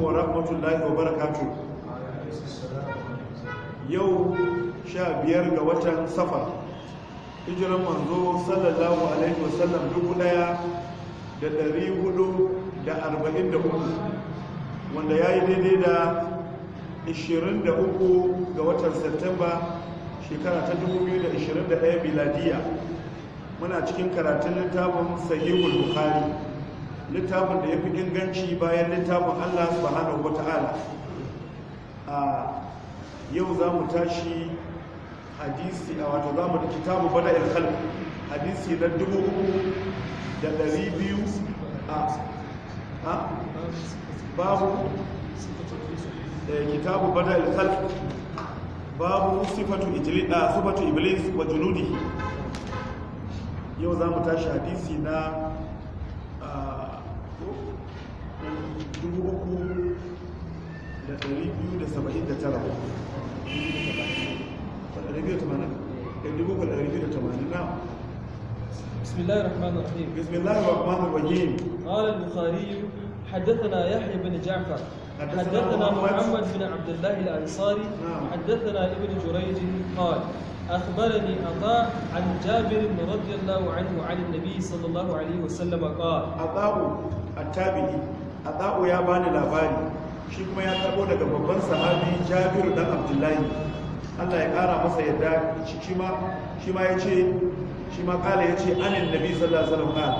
wa rahmatullahi wa barakatu. Yau sha biyar ga watan Safa, hijiran manzo sallallahu alaihi sallam dubu daya da dari hudu da arba'in da hudu, wanda ya yi daidai da ishirin da uku ga watan Satumba shekara ta dubu biyu da ishirin da daya miladiya muna cikin karatun littafin sahihul bukhari littafin da ya fi inganci bayan littafin Allah subhanahu wa ta'ala a yau za mu tashi hadisi a wato za mu da kitabu bada ilhal hadisi na dubu uku da dari biyu a babu eh, kitabu bada ilhal babu sifatu iblis wa junudi yau za mu tashi hadisi na dubu uku da ɗari biyu da saba'in da tara ɗari biyu da tamanin ɗari dubu uku da ɗari biyu da tamanin na بسم الله الرحمن الرحيم بسم الله الرحمن الرحيم قال البخاري حدثنا يحيى بن جعفر حدثنا محمد بن عبد الله الانصاري حدثنا ابن جريج قال أخبرني عطاء عن جابر رضي الله عنه عن النبي صلى الله عليه وسلم قال عطاء التابعي haɗa'u ya bani labari shi kuma ya tabo daga babban sahabi jabiru dan abdullahi allah ya ƙara masa yadda shi ma ya ce shi ma ƙala ya ce anin nabi sallallahu alaihi wasallam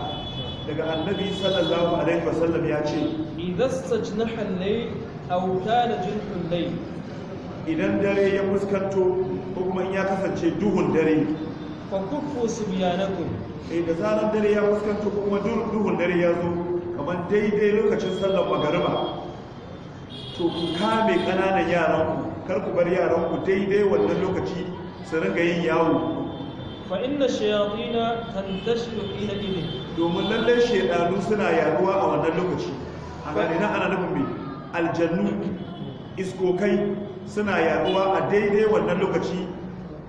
daga annabi sallallahu alaihi wasallam ya ce idan sajnaha al-layl aw kana jinhul layl idan dare ya fuskanto ko kuma in ya kasance duhun dare fa kuffu subyanakum eh da zarar dare ya fuskanto ko kuma duhun dare ya zo kamar daidai lokacin sallar magariba to ku kame ƙananan yaranku kar ku bar yaranku daidai wannan lokaci su ringa yin yawo fa inna shayatina tantashiru ila ile domin lallai shedanu suna yaruwa a wannan lokaci a na ana nufin me aljannu iskokai suna yaruwa a daidai wannan lokaci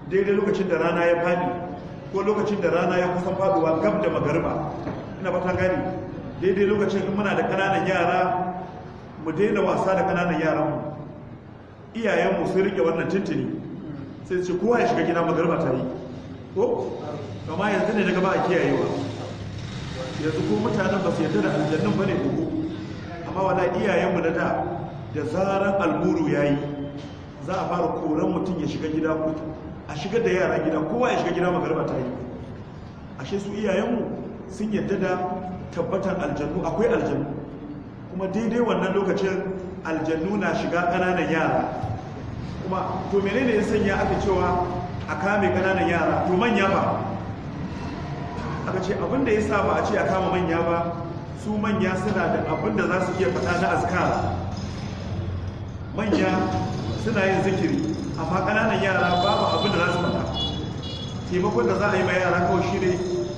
daidai lokacin da rana ya fadi ko lokacin da rana ya kusan faduwa gab da magariba. ina ba ta gani daidai lokacin in muna da ƙananan yara mu daina wasa da ƙananan yaranmu iyayenmu sun rike wannan tintini sai ce kowa ya shiga gida magarba ta yi ko amma yanzu ne daga ba a kiyayewa yanzu ko mutanen ba su yarda da aljannin ba ne ko amma wala iyayenmu na da da zarar alburu ya yi za a fara koran mutum ya shiga gida ko a shiga da yara gida kowa ya shiga gida magarba ta yi ashe su iyayenmu sun yarda da tabbatar aljannu akwai aljannu kuma daidai wannan lokacin aljannu na shiga ƙananan yara kuma to menene ya sanya aka cewa a kame ƙananan yara to manya ba aka ce abinda ya sa ba a ce a kama manya ba su manya suna da abinda za su iya faɗa na azkar manya suna yin zikiri amma ƙananan yara babu abinda za su faɗa taimakon da za a yi ma yara kawai shi ne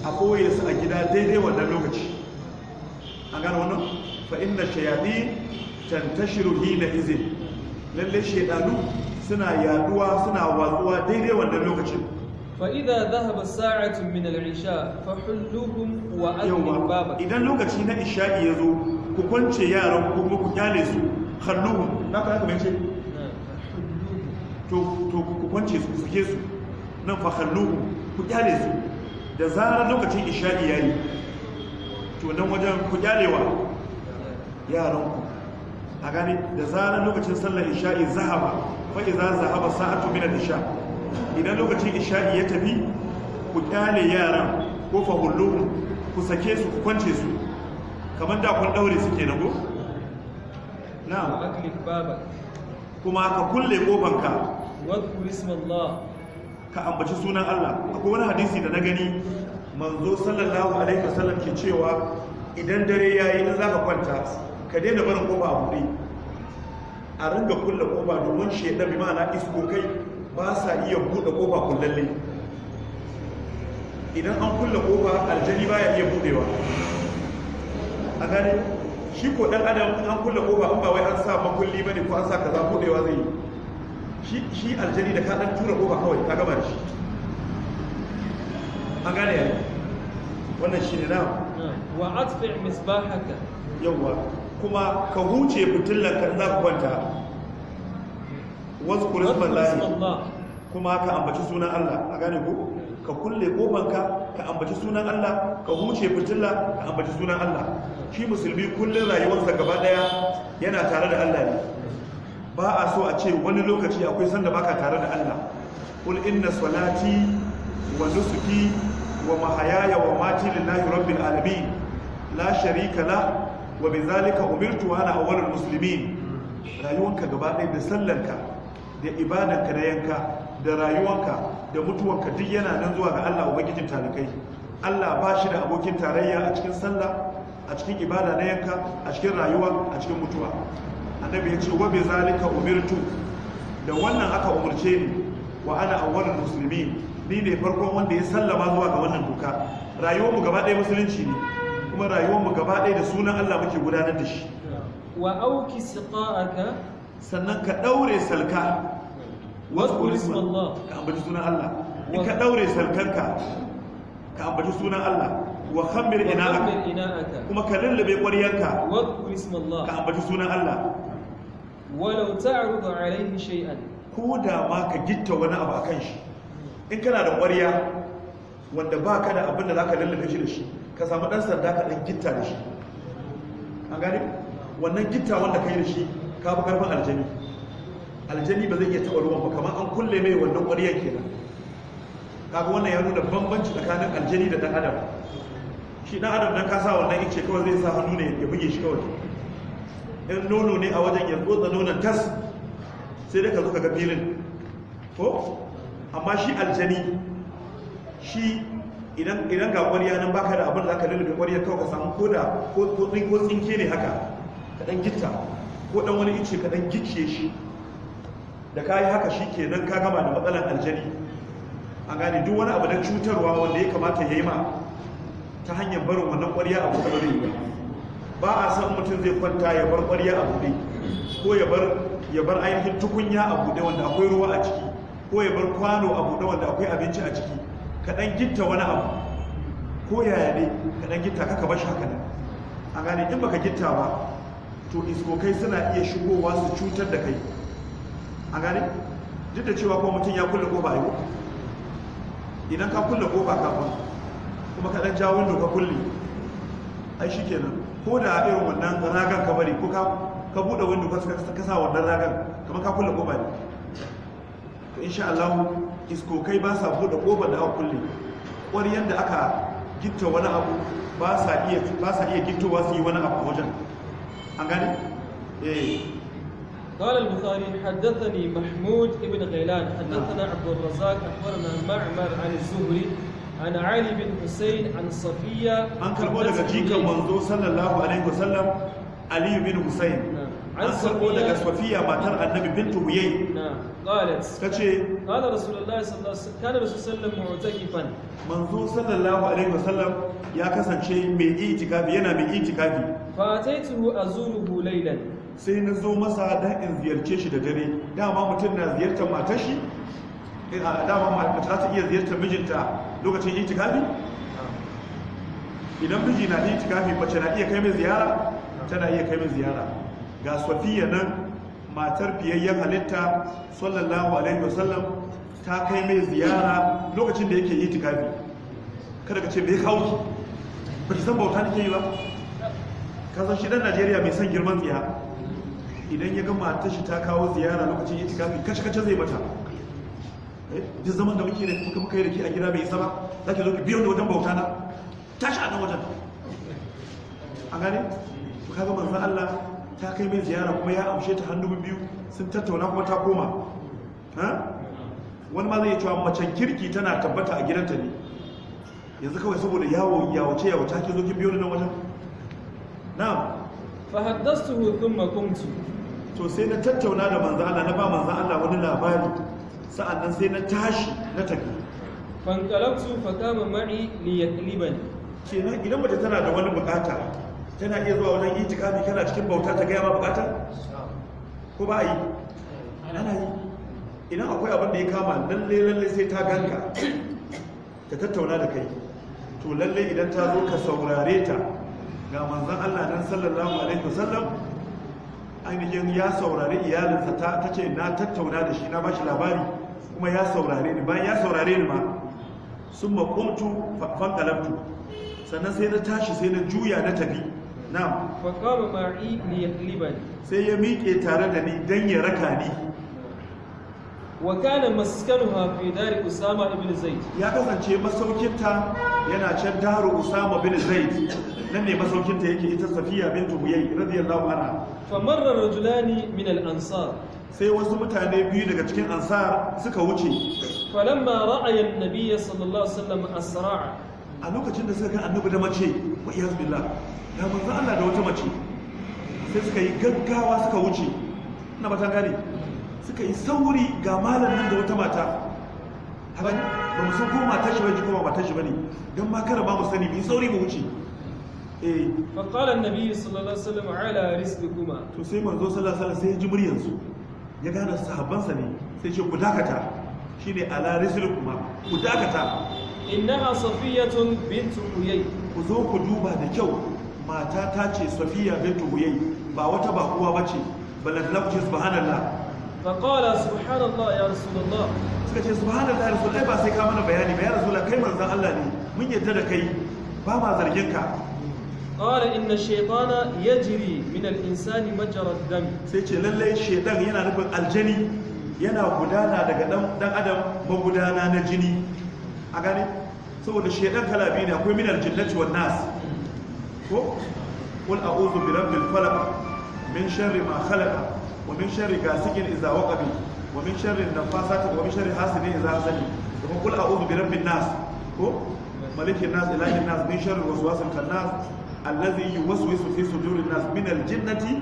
a ɓoye su a gida daidai wannan lokaci an gane wannan fa inna shayatin tantashiru hina izin lalle shedanu suna yaduwa suna watsuwa daidai wannan lokacin fa idza dhahaba sa'atu min al-isha fa hulluhum wa adlib baba idan lokaci na isha'i yazo ku kwance yaran ku ku kyale su khalluhum na ka kuma ce to to ku kwance su suke su nan fa khalluhum ku kyale su da zarar lokacin isha'i yayi to nan wajen ku kyalewa yaran ku a gani da zanen lokacin sallar isha'i zahaba fa idza zahaba sa'atu min al-isha idan lokacin isha'i ya tafi ku kyale yaran ko fa hulluhum ku sake su ku kwance su kamar da kun daure suke na na'am aklif Baba. kuma ka kulle kofanka ka ambaci sunan Allah akwai wani hadisi da na gani manzo sallallahu alaihi wasallam ke cewa idan dare yayi in zaka kwanta ka daina barin koba a buɗe a ringa kulle koba domin shedan bi ma'ana iskokai ba sa iya buɗe koba kullalle idan an kulle koba aljani baya iya buɗewa a gane shi ko dan adam an kulle koba an ba wai an sa makulli bane ko an sa kaza buɗewa zai yi shi aljani da ka ɗan tura koba kawai ta gaba da shi A gane yanzu wannan shi ne na wa atfi misbahaka yawwa kuma ka huce fitilan kan za ku kwanta wasu kurisman lahi kuma ka ambaci sunan Allah a gane ku ka kulle kofanka ka ambaci sunan Allah ka huce fitilla ka ambaci sunan Allah shi musulmi kullum rayuwarsa gaba daya yana tare da Allah ne ba a so a ce wani lokaci akwai sanda baka tare da Allah kul inna salati wa nusuki ومحياي وماتي لله رب العالمين لا شريك له وبذلك أمرت وأنا أول المسلمين rayuwanka gaba ɗaya da sallanka da ibadanka da yanka da rayuwanka da mutuwanka duk yana nan zuwa ga Allah ubangijin talikai Allah ba shi da abokin tarayya a cikin sallah a cikin ibada na yanka a cikin rayuwa a cikin mutuwa annabi ya ce wa bi zalika umirtu da wannan aka umarce ni wa ana awwalul musulmi. ni ne farkon wanda ya sallama zuwa ga wannan doka rayuwar mu gaba ɗaya musulunci ne kuma rayuwar mu gaba ɗaya da sunan Allah muke gudanar da shi wa auki siqa'aka sannan ka daure salka wasqul ismallah ka ambaci sunan Allah in ka daure salkanka ka ambaci sunan Allah wa khammir ina'aka kuma ka lullube ƙwaryanka wasqul ismallah ka ambaci sunan Allah walau ta'rudu alayhi shay'an ko da ma ka gitta wani abu akan shi in kana da ƙwariya wanda ba ka da abin da za ka lallaka shi da shi ka samu ɗan sanda ka ɗan gitta da shi an gani wannan gitta wanda ka yi da shi ka fi karfin aljani aljani ba zai iya taɓa ruwan ba kamar an kulle mai wannan ƙwaryar kenan kaga wannan ya nuna bambanci tsakanin aljani da ɗan adam shi ɗan adam dan kasa wannan ice kawai zai sa hannu ne ya buge shi kawai in nono ne a wajen ya tsotsa nonon tas sai dai ka zo ka ga filin ko amma shi aljani shi idan ga kwariya nan baka da abin da aka lullube kwariya kawai ka samu koda ko ko tsinke ne haka ka dan gitta ko dan wani ice ka dan gicce shi da kayi haka shi ke nan ka gama da matsalar aljani an gane duk wani abu na cutarwa wanda ya kamata ya yi ma ta hanyar barin wannan kwariya a buɗe ba ba a san mutum zai kwanta ya bar kwariya a buɗe ko ya bar ainihin tukunya a buɗe wanda akwai ruwa a ciki ko ya bar kwano abu buɗe wanda akwai abinci a ciki ka ɗan gitta wani abu ko yaya ne ka ɗan gitta ka bar shaka nan a gane in baka gitta ba to iskokai suna iya shigowa su cutar da kai a gane duk da cewa kuma mutum ya kulle kofa yau idan ka kulle kofa kafin kuma ka ɗan ja wanda ka kulle ai shi kenan ko da irin wannan ragan ka bari ko ka buɗe wando ka sa wannan ragan kamar ka kulle kofa ne to insha Allah iskokai ba sa bude kofa da aka kulle da aka gitta wani abu ba sa iya ba sa iya gittowa su yi wani abu wajen an gane eh قال البخاري حدثني محمود بن غيلان حدثنا عبد الرزاق اخبرنا معمر عن الزهري عن علي بن حسين عن صفية عن كربو daga jikan manzo sallallahu alaihi wasallam Ali bin Hussein an sako daga safiya matar annabi bintu huyai qalat tace qala rasulullahi sallallahu alaihi wasallam kana mu'takifan manzo sallallahu alaihi wasallam ya kasance mai itikafi yana mai Ba itikafi a taituhu azuruhu laylan sai na zo masa dan in ziyarce shi da dare dama mutum na ziyartar matar shi eh, dama mace za ta iya ziyartar mijinta lokacin itikafi idan miji na itikafi mace na iya kai mai ziyara tana iya kai mai ziyara ga safiya nan matar fiyayyen halitta sallallahu alaihi wasallam ta kai mai ziyara lokacin da yake yi tikafi kada ka ce mai kawo ki ba ki san bauta nake yi ba ka san shi dan Najeriya mai son girman tsiya idan ya ga matar shi ta kawo ziyara lokacin yi tikafi kace kace zai mata eh, duk zaman da muke da kuka muka yi da ke a gida bai isa ba za ki zo ki biyo da wajen bauta na tashi a nan wajen a gane to kaga manzo Allah ta kai mai ziyara kuma ya amshe ta hannu biyu sun tattauna kuma ta koma wani ma zai cewa macen kirki tana tabbata a gidanta ne yanzu kawai saboda yawo yawace yawace ake zo kin biyo nan wajen Na. fa hukun thumma to sai na tattauna da manzan Allah na ba manzan Allah wani labari sa'annan sai na tashi na tafi fanqalabtu fa qama ma'i li yaqlibani kenan idan mace tana da wani bukata tana iya zuwa wajen itikami kana cikin bauta ta gaya ma bukata ko ba yi ana yi idan akwai abin da ya kama lalle lalle sai ta ganka ta tattauna da kai to lalle idan ta zo ka saurare ta ga manzon Allah dan sallallahu alaihi wasallam ainihin ya saurari iyalinsa ta ce na tattauna da shi na bashi labari kuma ya saurare ni bayan ya saurare ni ma sun makuntu fankalamtu sannan sai na tashi sai na juya na tafi na'am fa qama ma'i li yaqlibani sai ya miƙe tare da ni dan ya raka ni wa kana maskanuha fi dar usama ibn zaid ya kasance ta yana can daru usama bin zaid nan ne ta yake ita safiya bintu huyay radiyallahu anha fa marra rajulani min al ansar sai wasu mutane biyu daga cikin ansar suka wuce falamma ra'ayan nabiyyi sallallahu alaihi wasallam asra'a a lokacin da suka ga annabi da mace wa iyaz billah ya manzo Allah da wata mace sai suka yi gaggawa suka wuce ina ba ta gane suka yi sauri ga malam da wata mata haban ba mu san ko matar shi bane ko ba matar shi bane dan ma kada ba mu sani mu sauri mu wuce eh fa qala annabi sallallahu alaihi wasallam ala rizqikuma to sai manzo sallallahu alaihi wasallam sai ya ji muryar su ya gane ne sai ce ku dakata shine ala rizqikuma ku dakata innaha safiyatun bintu uyay ku zo ku duba da kyau mata ta ce safiya bintu huyai ba wata ba kuwa ba ce, ku ce subhanallah فقال سبحان الله يا رسول الله suka ce subhanallah ya rasul ba sai ka mana bayani ba ya rasul kai manzon Allah ne mun yadda da kai ba ma zargin ka Ƙara inna ya jiri min al-insani majra ad-dam sai ce lalle shaytan yana nufin aljani yana gudana daga dan adam magudana na jini a gane saboda shedan kala biyu ne akwai minar jinnaci wa nasi ko qul a'udhu bi rabbil falaq min sharri ma khalaq wa min sharri ghasiqin idha waqab wa min sharri nafasati wa min sharri hasidin idha hasad kuma qul a'udhu bi rabbin nas ko malikin nas ilahin nas min sharri waswasil khannas allazi yuwaswisu fi sudurin nas min al-jinnati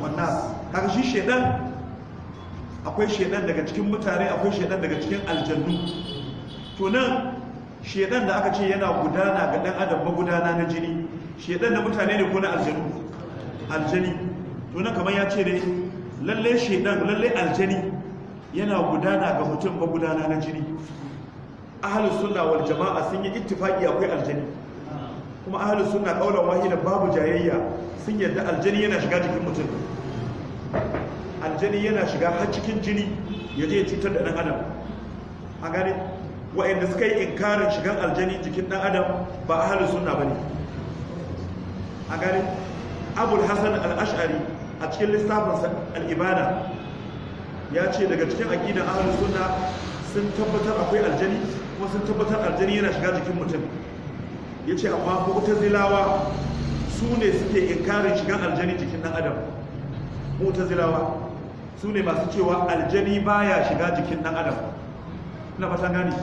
wa nas kaga shi shedan akwai shedan daga cikin mutane akwai shedan daga cikin aljannu to nan shedan da aka ce yana gudana ga dan adam magudana na jini shedan da mutane ne ko na aljanu aljani to na kamar ya ce ne lalle shedan lalle aljani yana gudana ga mutum magudana na jini ahlus sunna wal jama'a sun yi ittifaqi akwai aljani kuma ahlus sunna kaulan wahida babu jayayya sun yadda aljani yana shiga jikin mutum aljani yana shiga har cikin jini ya cutar da dan adam a gane wa'anda suka yi inkarin shigan aljani jikin dan adam ba suna ba ne. a gari abul hasan al a cikin lissafinsa al-ibada ya ce daga cikin aqidan ahlus suna sun tabbatar akwai aljani kuma sun tabbatar aljani yana shiga jikin mutum ya ce amma zilawa su ne suke inkarin shigan aljani jikin dan adam zilawa su ne masu cewa aljani baya shiga jikin dan adam na fatan gani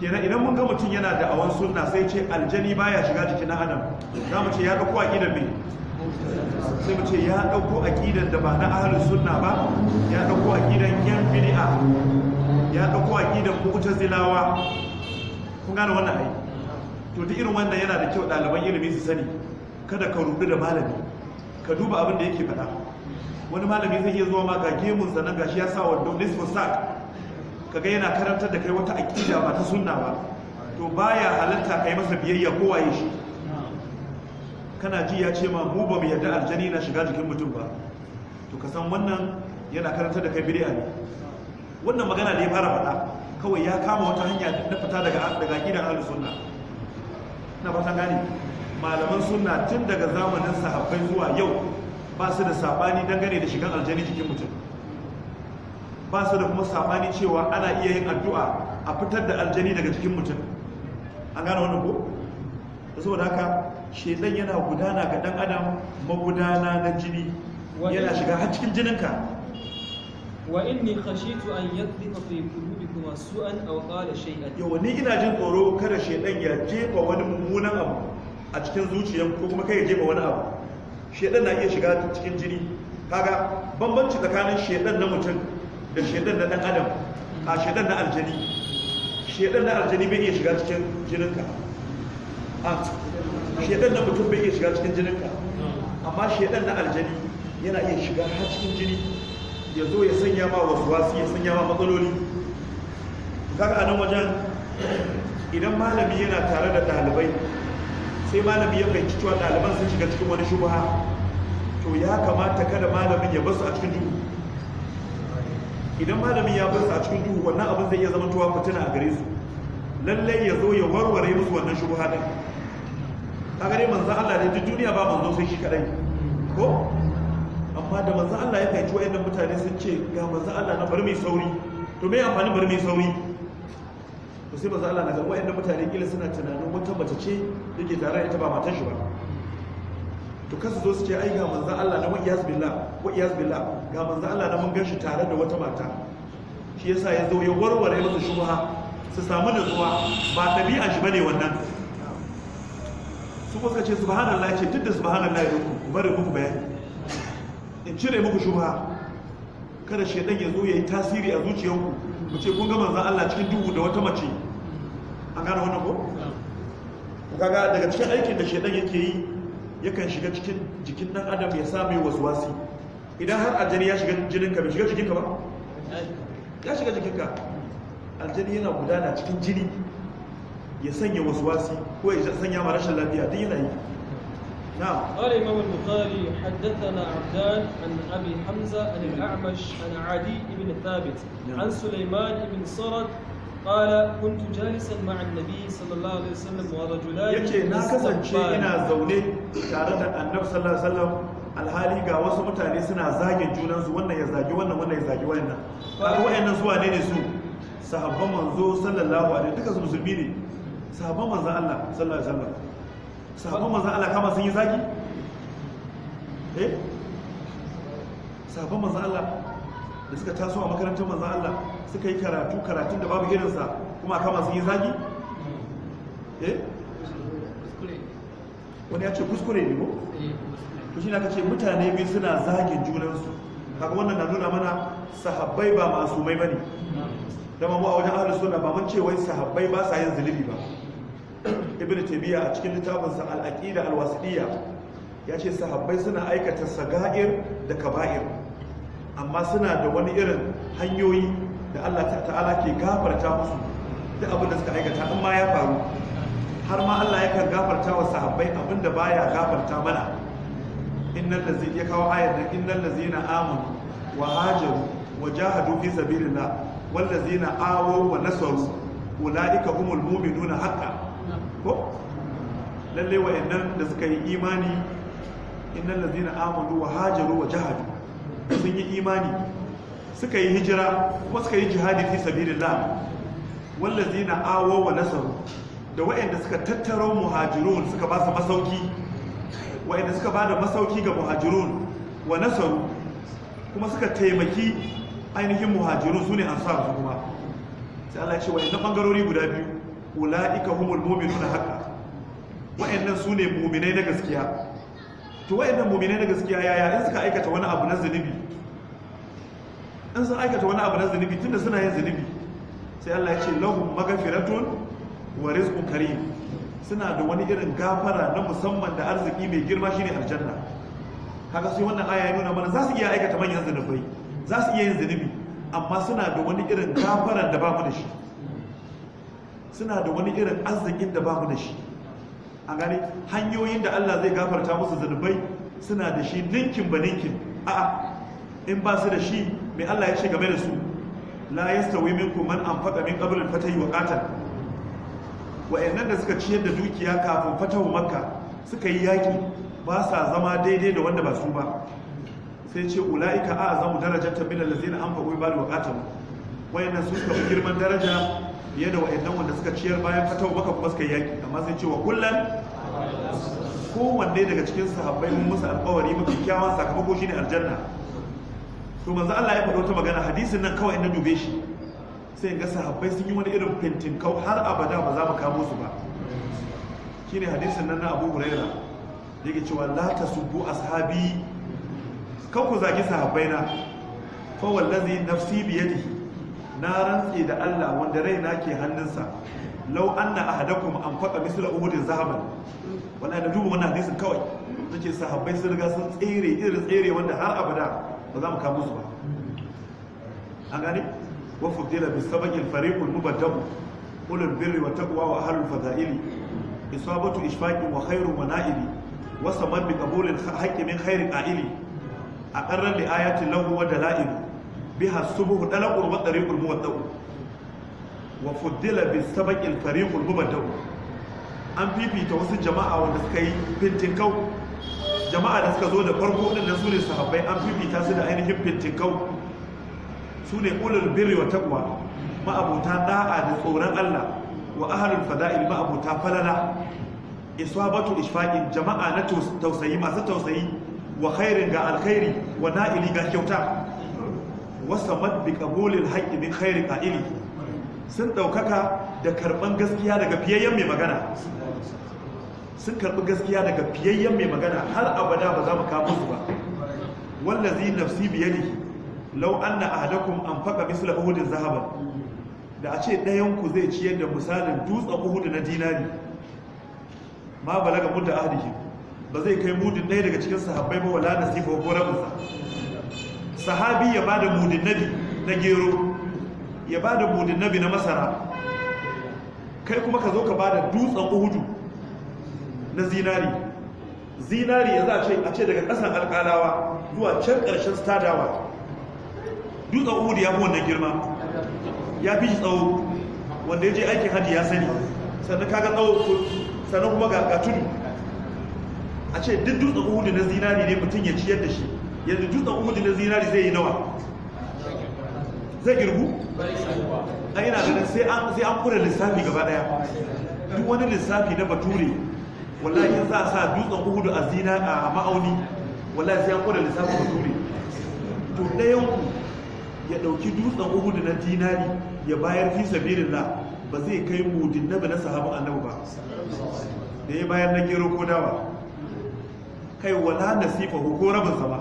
kenan idan mun ga mutum yana da awan sunna sai ce aljani baya shiga jikin na adam za mu ce ya dauko aqidar me sai mu ce ya dauko aqidar da ba na ahlus sunna ba ya dauko aqidar yan bid'a ya dauko aqidar mu'tazilawa kun gane wannan ai to duk irin wannan yana da kyau ɗaliban ilimi su sani kada ka rubu da malami ka duba abin da yake faɗa wani malami zai iya zuwa ma ga gemun sanan gashi ya sa wa nisfu sak kaga yana karantar da kai wata aƙida ba ta sunna ba to baya halarta kai masa biyayya ko waye shi kana ji ya ce ma mu ba mu yarda aljani na shiga jikin mutum ba to ka san wannan yana karantar da kai bid'a ne wannan magana da ya fara faɗa kawai ya kama wata hanya na fita daga daga gidan ahlus sunna fatan gane malaman sunna tun daga zamanin sahabbai zuwa yau ba su da sabani dangane da shigan aljani jikin mutum ba su da kuma sabani cewa ana iya yin addu'a a fitar da aljani daga cikin mutum an gane wani ko saboda haka shedan yana gudana ga dan adam magudana na jini yana shiga har cikin jininka wa inni khashitu an yadhliqa fi qulubikum su'an aw qala shay'an Yau ni ina jin tsoro kada shedan ya jefa wani mummunan abu a cikin zuciyan ko kuma kai ya jefa wani abu shedan na iya shiga cikin jini kaga bambanci tsakanin shedan na mutum da shaidan na dan adam a shaidan na aljani shaidan na aljani bai iya shiga cikin jininka a shaidan na mutum bai iya shiga cikin jininka amma shaidan na aljani yana iya shiga har cikin jini ya zo ya sanya ma wasu wasu ya sanya ma matsaloli kaga a nan wajen idan malami yana tare da ɗalibai sai malami ya fahimci cewa daliban sun shiga cikin wani shubha to ya kamata kada malamin ya basu a cikin duhu idan malamin ya bar su a cikin duhu wannan abin zai iya zama tuwa fitina a gare su lallai ya zo ya warware musu wannan shubuha din kaga dai manzo Allah ne duk duniya ba manzo sai shi kadai ko amma da manzo Allah ya fahimci wayannan mutane sun ce ga manzo Allah na bari mai sauri to me amfani bari mai sauri to sai manzo Allah na ga wayannan mutane kila suna tunanin wata mace ce yake tare ita ba matar shi ba to kasu zo su ce ai ga manzan Allah na wa'iyaz billah wa'iyaz billah ga manzan Allah na mun ganshi tare da wata mata shi yasa ya zo ya warware masa shubha su samu nutsuwa ba ɗabi'a shi bane wannan su kuka ce subhanallah ce duk da subhanallah ya ku bari muku bayani in cire muku shubha kada shedan ya zo ya yi tasiri a zuciyarku mu ce kun ga manzo Allah cikin duhu da wata mace an gane wannan ko kaga daga cikin aikin da shedan yake yi yakan shiga cikin jikin dan adam ya sa mai waswasi idan har aljani ya shiga jininka bai shiga jikinka ba ya shiga jikinka aljani yana gudana cikin jini ya sanya waswasi ko ya sanya ma rashin lafiya duk yana yi نعم قال الإمام البخاري حدثنا عبدان عن أبي حمزة عن الأعمش عن عدي بن ثابت عن سليمان بن صرد قال كنت جالسا مع النبي صلى الله عليه وسلم ورجلان يكي ناكسا شيء إنا زوني تارة النبي صلى الله عليه وسلم alhali ga wasu mutane suna zagin junansu wannan ya zagi wannan wannan ya zagi wannan kaga wayannan su wane ne su sahabban manzo sallallahu alaihi duka su musulmi ne sahabban manzo Allah sallallahu alaihi wasallam sahabban manzo Allah kama sun yi zagi eh sahabban manzo Allah da suka taso a makarantar manzo Allah suka yi karatu karatun da babu irinsa kuma kama sun yi zagi eh? wani ya ce kuskure ne ko to shi na ka ce mutane biyu suna zagin junansu kaga wannan na nuna mana sahabbai ba masu mai bane da mamu a wajen ahlus suna ba mun ce wai sahabbai ba sa yin zulubi ba ibn tabiya a cikin littafinsa al'aki al-aqida al ya ce sahabbai suna aikata saga'ir da kaba'ir amma suna da wani irin hanyoyi da Allah ta'ala ke gafarta musu duk abin da suka aikata in ma ya faru har ma Allah yakan gafarta wa sahabbai abin da baya gafarta mana innal ladzina ya kawo ayar da innal ladzina amanu wa hajaru wa jahadu fi sabilillah wal ladzina awaw wa nasaru ulaika humul mu'minuna haqqan ko lalle wa'annan da suka yi imani innal ladzina amanu wa hajaru wa jahadu sun yi imani suka yi hijira kuma suka yi jihadi fi sabilillah wallazina awo wa nasaru da wayanda suka tattaro muhajirun suka ba su masauki wayanda suka ba da masauki ga muhajirun wa nasaru kuma suka taimaki ainihin muhajirun sune ansar su kuma sai Allah ya ce wayanda bangarori guda biyu ulaika humul mu'minuna haqqan wayannan sune mu'minai na gaskiya to wayannan mu'minai na gaskiya yaya in suka aikata wani abu na zunubi in sun aikata wani abu na zunubi tunda suna yin zunubi sai Allah ya ce lahum maghfiratun wa rizqun karim suna da wani irin gafara na musamman da arziki mai girma shine aljanna kaga sai wannan aya ya nuna mana za su iya aikata manyan zunubai za su iya yin zunubi amma suna da wani irin gafara da babu da shi suna da wani irin arzikin da babu da shi a gani hanyoyin da Allah zai gafarta musu zunubai suna da shi ninkin ba ninkin a'a in ba su da shi mai Allah ya ce game da su la min kuma an faɗa min ƙabilin al-fatah wa qatal wa'annan da suka ciyar da dukiya kafin fatahu makka suka yi yaƙi ba sa zama daidai da wanda ba su ba sai ce ula'ika a'zamu darajatan min allazina an faɗo ba da qatal wa'annan su suka fi girman daraja fiye da wa'annan wanda suka ciyar bayan fatahu makka kuma suka yi yaƙi, amma sai ce wa kullan kowanne daga cikin sahabbai mun musu alƙawari mafi kyawun sakamako shine aljanna to manzo Allah ya faɗo wata magana hadisin nan kawai na dube shi sai ga sahabbai sun yi wani irin fintin kau har abada ba za mu kamo su ba shine hadisin nan na Abu Huraira yake cewa la tasubbu ashabi kau ku zagi na fa wallazi nafsi bi yadihi na rantse da Allah wanda raina ke hannunsa na anna ahadakum an faqa misla uhudin zahaban wallahi da duba wannan hadisin kawai take sahabbai sun riga sun tsere irin tsere wanda har abada ba za mu kamo su ba an gani. wa fudila bi sabaqil fariqul mubaddabu ulul birri wa taqwa wa ahlul fadaili isabatu ishfaqin wa wa saman bi qabulil haqqi min qa'ili aqarra li lahu wa dalail biha wa tariqul wa bi sabaqil fariqul an fifita wasu jama'a wanda suka yi fintin jama'a da suka zo da farko din nan su ne sahabbai an fifita su da ainihin fintikau su ne ulul birri wa taqwa abuta da'a da tsoron Allah wa ahlul fada'il abuta falala iswabatu ishfaqin jama'a na tausayi masu tausayi wa khairin ga alkhairi wa na'ili ga kyauta wasamat bi qabulil haqqi min khairi qa'ili sun daukaka da karban gaskiya daga fiyayen mai magana sun karɓi gaskiya daga fiyayyen mai magana har abada ba za mu kamo su ba Wanda wallazi nafsi na a anna an anfaqa misla uhudin zahaba da a ce ɗayan zai ciyar da misalin dutsen uhudu na dinari ma balaga mudda ahdihi ba zai kai mudin ɗaya daga cikin sahabbai ba wala ba ko rabusa sahabi ya bada mudin nabi na gero ya bada mudin nabi na masara kai kuma ka zo ka bada dutsen uhudu na zinari zinari yanzu a ce a ce daga ƙasan alƙalawa zuwa can ƙarshen stadawa dutsen uhud ya fi wannan girma ya fi shi tsawo wanda ya je aikin hajji ya sani sannan kaga tsawo sannan kuma ga tudu a ce duk dutsen uhud na zinari ne mutum ya ciyar da shi Yadda dutsen uhud na zinari zai yi nawa zai girgu a yana ganin sai an kura lissafi gaba daya duk wani lissafi na bature wallahi za a sa dutsen uhudu a zina a ma'auni wallahi sai an kwada lissafin bature to ɗayan ku ya ɗauki dutsen uhudu na dinari ya bayar fi sabirin na ba zai kai mudin na ba na a annabi ba da ya bayar na gero ko dawa kai wala nasifa ko rabin ba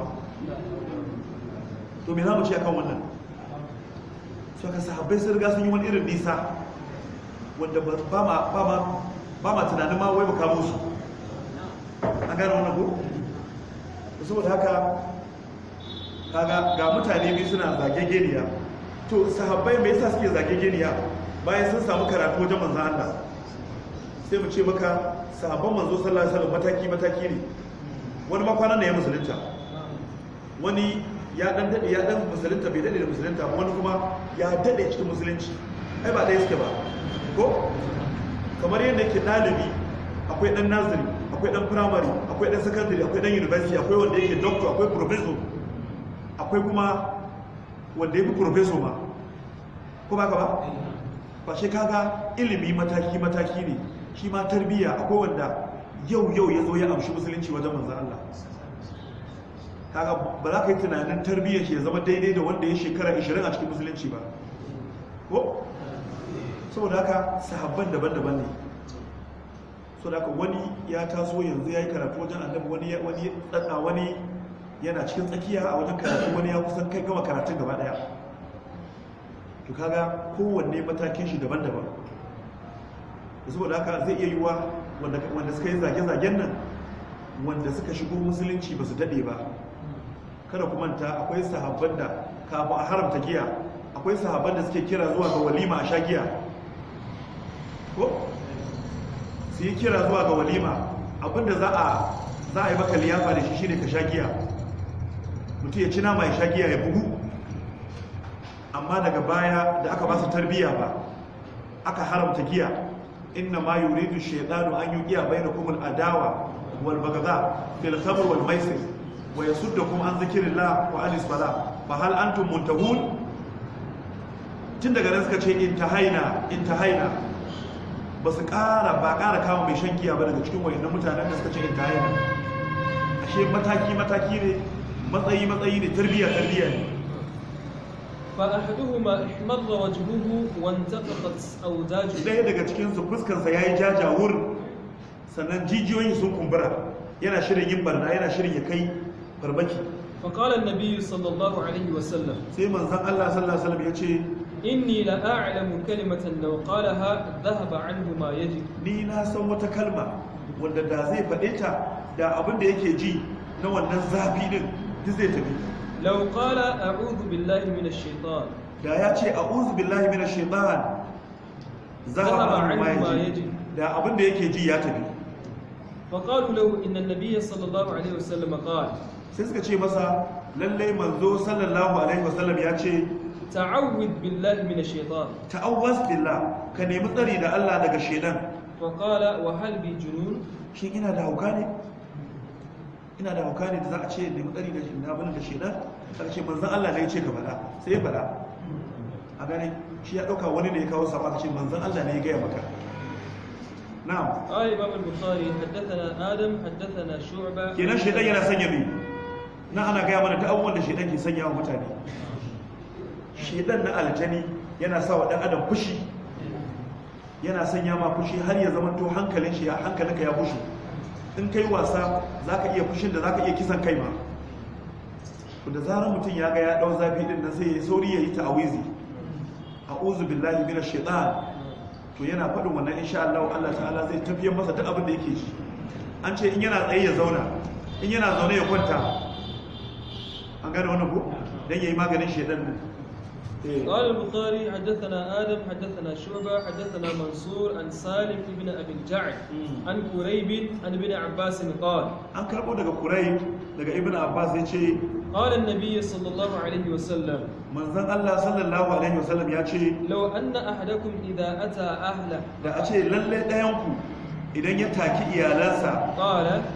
to me za mu ce akan wannan su ka sahabbai sun riga sun yi wani irin nisa wanda ba ma tunanin ma wai ba kamo su an gane wannan ko saboda haka kaga ga mutane biyu suna zage geniya to sahabbai me yasa suke zage geniya bayan sun samu karatu wajen manzo Allah sai mu ce maka sahabban manzo sallallahu alaihi wasallam mataki mataki ne wani makwana ne ya musulunta wani ya dan dade ya dan musulunta bai dade da musulunta wani kuma ya dade cikin musulunci ai ba dai suke ba ko kamar yadda yake dalibi akwai dan naziri akwai dan primary akwai dan secondary akwai dan university akwai wanda yake doctor akwai professor akwai kuma wanda yake professor ma ko ka ba ba shi kaga ilimi mataki mataki ne shi ma tarbiyya akwai wanda yau yau ya zo ya amshi musulunci wajen manzo Allah kaga ba za ka yi tunanin tarbiyyar shi ya zama daidai da wanda ya shekara 20 a cikin musulunci ba ko saboda haka sahabban daban-daban ne so da wani ya taso yanzu ya yi karatu wajen annabi wani wani dadda wani yana cikin tsakiya a wajen karatu wani ya kusan kai gama karatun gaba daya to kaga kowanne matakin shi daban-daban saboda haka zai iya yiwa wanda wanda suka yi zage-zagen nan wanda suka shigo musulunci ba su dade ba kada ku manta akwai sahabban da ka a haramta giya akwai sahabban da suke kira zuwa ga walima a sha giya ko su yi kira zuwa ga walima abinda za a za a yi maka liyafa da shi shine ka sha giya mutum ya ci nama ya sha giya ya bugu amma daga baya da aka ba su tarbiyya ba aka haramta giya inna ma yuridu shaytanu an bai bainakum al-adawa wal baghdha fil khamr wal maisir wa yasuddakum an dhikrillah wa anis fala fa hal antum muntahun tun daga nan suka ce intahaina intahaina ba su ƙara ba ƙara kama mai shan giya ba daga cikin wayannan mutanen da suka ce intaye ne ashe mataki mataki ne matsayi matsayi ne tarbiyya tarbiyya ne فأحدهما احمر وجهه وانتفخت أوداجه ɗaya daga cikin su fuskar sa yayi jajawur sannan jijiyoyin sun kumbura yana shirin yin barna yana shirin ya kai farmaki فقال النبي sallallahu الله wa sallam. sai manzon Allah sallallahu alaihi wasallam yace inni la a'lamu kalimatan law qalaha dhahaba anhu ma yajid ni na san wata kalma wanda da zai faɗe ta da abin da yake ji na wannan zafi din duk zai tafi law qala a'udhu billahi minash shaitan da ya ce a'udhu billahi minash shaitan dhahaba anhu ma yajid da abin da yake ji ya tafi فقالوا له إن النبي صلى الله عليه وسلم قال sai suka ce masa lallai manzo sallallahu alaihi wasallam ya ce ta'awwid billahi minash shaitan ta'awwaz billah ka nemi tsari da Allah daga shaitan fa qala wa hal bi junun shin ina da hauka ne ina da hauka ne da za a ce nemi tsari da shaitan bana da shaitan sai ce manzon Allah ne ya ce ka fada sai ya fada a gane shi ya dauka wani ne ya kawo sabaka ce manzon Allah ne ya gaya maka نعم قال الإمام البخاري حدثنا آدم حدثنا شعبة كنا شيطان yana sanya بي na ana gaya mana ta abubuwan da shaitan ke sanya wa mutane shedan na aljani yana sa wa dan adam fushi yana sanya ma fushi har ya zama to hankalin shi hankalinka ya fushi in kai wasa za ka iya fushin da za ka iya kisan kai ma da zarar mutum ya ga ya dau zafi din nan sai ya sauri ya yi ta'awizi a'udhu billahi minash shaitan to yana faɗin wannan insha Allah Allah ta'ala zai tafiyar masa duk abin da yake shi an ce in yana tsaye ya zauna in yana zaune ya kwanta an gane wannan ko dan yayi maganin shaitan din قال البخاري حدثنا آدم حدثنا شعبة حدثنا منصور عن سالم ابن أبي الجعد عن كريب عن ابن عباس قال عن كربو دقى كريب دقى ابن عباس يتشي قال النبي صلى الله عليه وسلم من ذن الله صلى الله عليه وسلم يتشي لو أن أحدكم إذا أتى أهله da a ce lalle ɗayanku idan ya taki iyalansa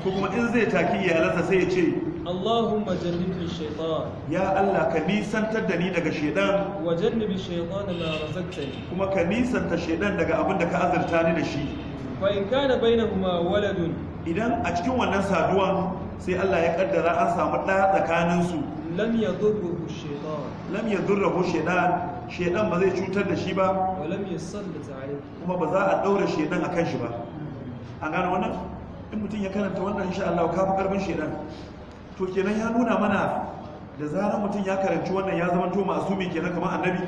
ko kuma in zai taki iyalansa sai ya ce Allahumma jannibni shaytan ya Allah ka nisantar da ni daga shaytan wa jannibi shaytan ma razaqtani kuma ka nisanta shaytan daga abin da ka azurta ni da shi fa in kana bainahuma waladun idan a cikin wannan saduwan sai Allah ya kaddara an samu ɗaya tsakanin su lam yadurruhu shaytan lam yadurruhu shaytan shaytan ba zai cutar da shi ba wa lam yusallita alayhi kuma ba za a daura shaytan akan shi ba an gane wannan in mutum ya karanta wannan insha Allah ka fi karfin shedan to kenan ya nuna mana da zarar mutum ya karanci wannan ya zama to mi kenan kamar annabi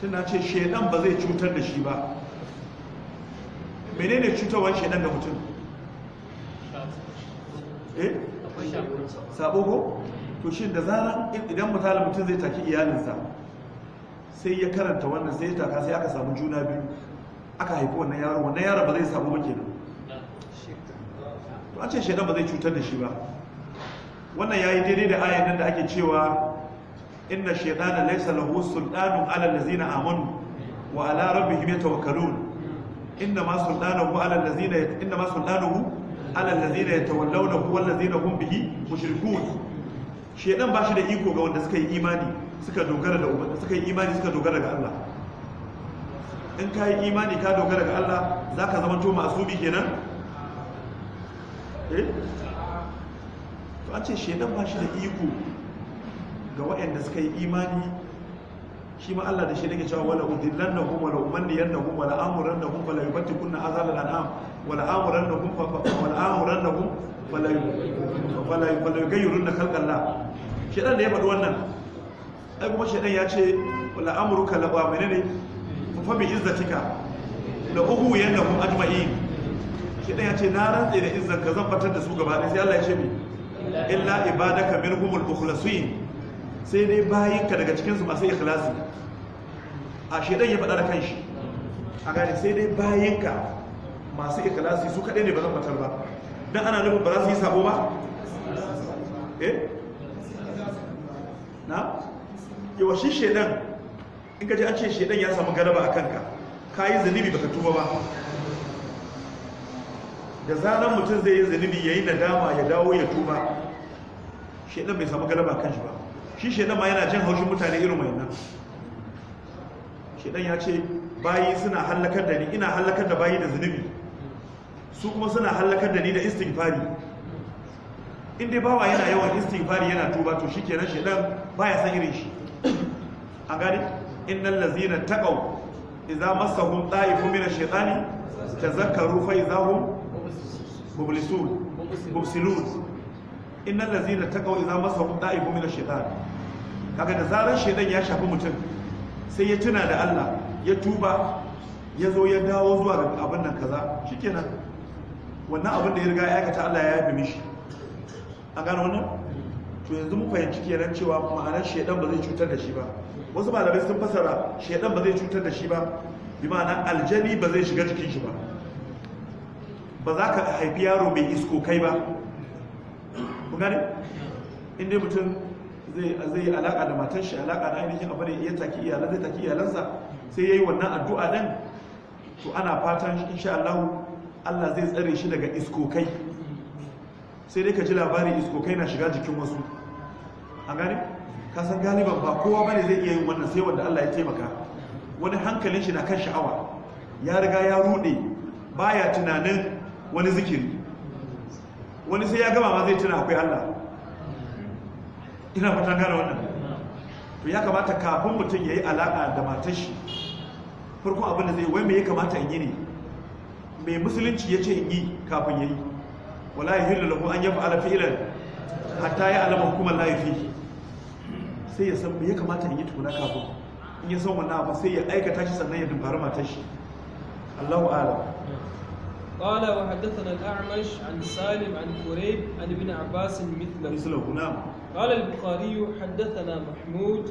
tana ce shedan ba zai cutar da shi ba menene cutarwar shedan ga mutum eh sabo ko to shin da zarar idan misali mutum zai taki iyalinsa sai ya karanta wannan sai ya taka sai aka samu juna biyu aka haifi wannan yaro wannan yaro ba zai samu ba kenan to an ce shaidan ba zai cutar da shi ba wannan yayi daidai da ayan nan da ake cewa inna shaydana laysa lahu sultanun ala allazina amanu wa ala rabbihim yatawakkalun inna ma sultanuhu ala allazina inna ma sultanuhu ala allazina yatawallawnahu wal ladzina hum bihi mushrikun shaidan ba shi da iko ga wanda suka yi imani suka dogara da suka yi imani suka dogara ga Allah in ka yi imani ka dogara ga Allah za ka zama to masubi kenan eh to an ce shedan ba shi da iko ga waɗanda suka yi imani shi ma Allah da shi nake cewa wala udillannahum wala umanniyannahum wala amurannahum fala yubtikunna azal al-an'am wala amurannahum wala amurannahum fala fala fala yughayyirunna khalqa Allah shedan da ya faɗi wannan ai kuma shedan ya ce wala amruka la ba menene fa da izzatika la uhu kuma ajma'in shi ɗaya ce na rantse da izzan ka zabbatar da su gaba ɗaya sai Allah ya ce mi illa ibadaka minhumul mukhlasin sai dai ka daga cikin su masu ikhlasi a shi ɗaya ya faɗa da kanshi a gane sai dai ka masu ikhlasi su kaɗai ne ba zan fatar ba dan ana nufin ba za su yi sabo ba eh na yawa shi shedan in ka ji an ce shedan ya samu galaba a kanka ka yi zunubi baka tuba ba da zarar mutum zai yi zunubi ya yi nadama ya dawo ya tuba shedan bai samu galaba kan shi ba shi shedan ma yana jin haushin mutane irin mai nan shedan ya ce bayi suna hallakar da ni ina hallakar da bayi da zunubi su kuma suna hallakar da ni da istighfari in dai bawa yana yawan istighfari yana tuba to shikenan shedan baya san irin shi an gani innal ladzina taqaw idza massahum ta'ifun min ash-shaytani tazakkaru fa idza hum mublisun mubsilun innal ladzina taqaw idza massahum ta'ifun min ash-shaytani kaga da zaran shaytan ya shafi mutum sai ya tuna da Allah ya tuba ya zo ya dawo zuwa ga abin nan kaza shikenan wannan abin da ya riga ya aikata Allah ya yafe mishi A gano wannan to yanzu mu fahimci kenan cewa ma'anar shaidan ba zai cutar da shi ba wasu malamai sun fasara shaidan ba zai cutar da shi ba bi ma'ana aljani ba zai shiga jikin shi ba ba za ka haifi yaro mai isko kai ba ku gane inda mutum zai yi alaƙa da matar shi alaƙa da ainihin abu ne ya taki iyalan zai taki iyalansa sai ya yi wannan addu'a nan to ana fatan insha Allah Allah zai tsare shi daga isko kai. sai dai ka ji labarin isko kai na shiga jikin wasu a gane Ka san galiban ba kowa bane zai iya yin wannan sai wanda Allah ya taimaka wani hankalin shi na kan sha'awa ya riga ya rude baya tunanin wani zikiri wani sai ya gama ma zai tuna akwai Allah ina fatan gane wannan to ya kamata kafin mutum ya yi da matar shi farko abin da zai wai me ya kamata in yi ne mai musulunci ya ce in yi kafin ya yi wala ya an yafa fi'lan hatta ya alama hukumar laifi sai ya san me ya kamata in yi tukuna kafin in ya san wannan abu sai ya aikata shi sannan ya dubbari matar shi Allahu a'lam قال وحدثنا الأعمش عن salim عن كريب عن ابن عباس مثله مثله نعم قال البخاري حدثنا mahmud.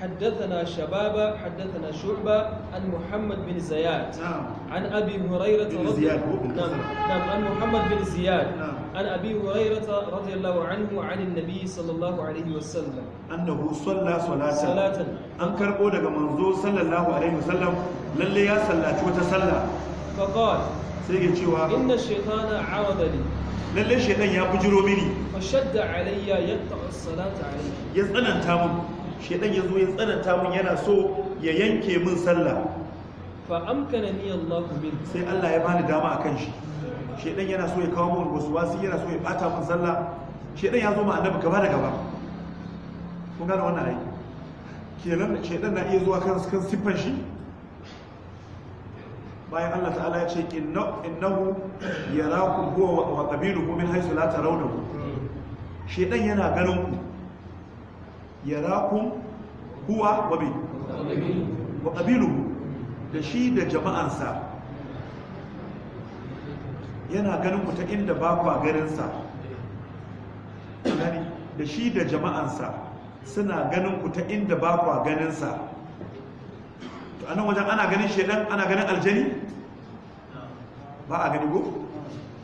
حدثنا شبابة حدثنا شعبة عن محمد بن زياد نعم عن أبي هريرة رضي زياد نعم نعم عن محمد بن زياد نعم عن أبي هريرة رضي الله عنه عن النبي صلى الله عليه وسلم أنه صلى صلاة صلاة أن كربو دغ منزو صلى الله عليه وسلم للي يا صلاة وتسلى فقال سيجي تشوا إن الشيطان عرض لي للي الشيطان يا بجرو مني فشد علي يقطع الصلاة علي يزنن تامم shaidan ya zo ya tsananta mun yana so ya yanke mun sallah fa amkana ni Allah min sai Allah ya bani dama akan shi shaidan yana so ya kawo mun waswasi yana so ya bata mun sallah shaidan ya zo ma annabi gaba da gaba kun gane wannan ai kenan shaidan na iya zuwa kan kan siffan shi bayan Allah ta'ala ya ce innahu yarakum huwa wa qabiluhu min haythu la tarawnahu hmm. shaidan yana ganin ku Yaraku huwa wa wa qabiluhu da shi da jama'ansa yana ganin ku ta inda ba ku a garinsa da shi da jama'ansa suna ganin ku ta inda ba ku a sa, to anan wajen ana ganin shedan ana ganin aljani ba a gani go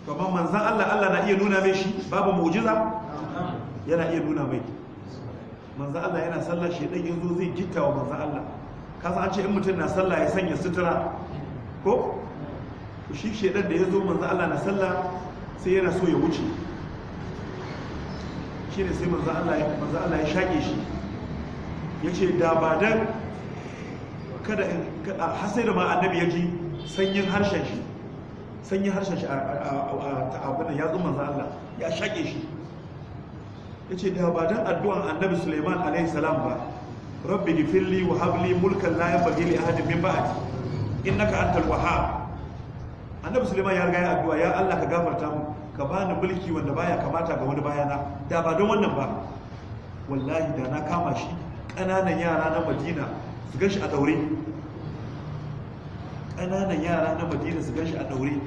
to amma manzan Allah Allah na iya nuna mai shi babu mu'jiza yana iya nuna mai manzo Allah yana sallah shi dan yanzu zai gitta wa manzo Allah kasa an ce in mutum na sallah ya sanya sutura ko to shi shedan da yazo manzo Allah na sallah sai yana so ya wuce shi ne sai manzo Allah ya manzo Allah ya shake shi yace da ba dan kada in kada har sai da ma annabi ya ji sanyin harshen shi sanyin harshen shi a abin ya zo manzo Allah ya shake shi Ya ce da ba don addu'an annabi Suleiman alaihi salam ba rabbi filli wa habli mulkan la yanbaghi li ahadin min ba'di an talwa ha annabi Suleiman ya riga addu'a ya Allah ka gafarta mu ka ba ni mulki wanda baya kamata ga wani bayana da ba don wannan ba wallahi da na kama shi ƙananan yara na Madina su gan shi a daure ƙananan yara na Madina su gan shi a daure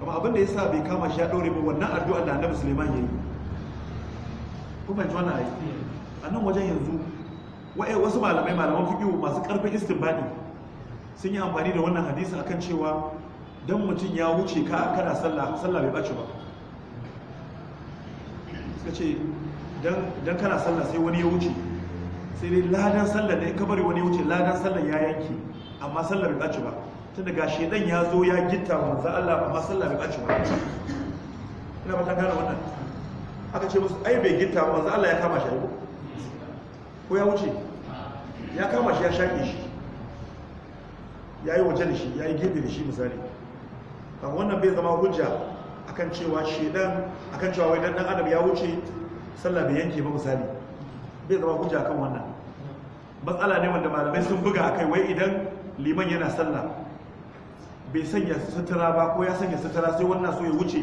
amma abin da sa bai kama shi a daure ba wannan addu'a da annabi Suleiman ya yi. ku fahimci wannan ayi a nan wajen yanzu wasu malamai malaman fiƙi masu ƙarfin istinbadi sun yi amfani da wannan hadisi akan cewa don mutum ya wuce ka kana sallah sallah bai ɓace ba suka ce dan kana sallah sai wani ya wuce sai dai ladan sallah ne ka bari wani ya wuce ladan sallah ya yanke amma sallah bai ɓace ba tunda ga shedan ya zo ya gita manzo Allah amma sallah bai ɓace ba ina ba ta gane wannan aka ce musu ai bai gitta wanzu Allah ya kama shi ko ya wuce ya kama shi ya shaƙe shi ya yi wajen da shi ya yi gefe da shi misali A wannan bai zama hujja akan cewa shedan akan cewa wai dan adam ya wuce sallah bai yanke ba misali bai zama hujja akan wannan matsala ne wanda malamai sun buga akai wai idan liman yana sallah bai sanya sutura ba ko ya sanya sutura sai wannan so ya wuce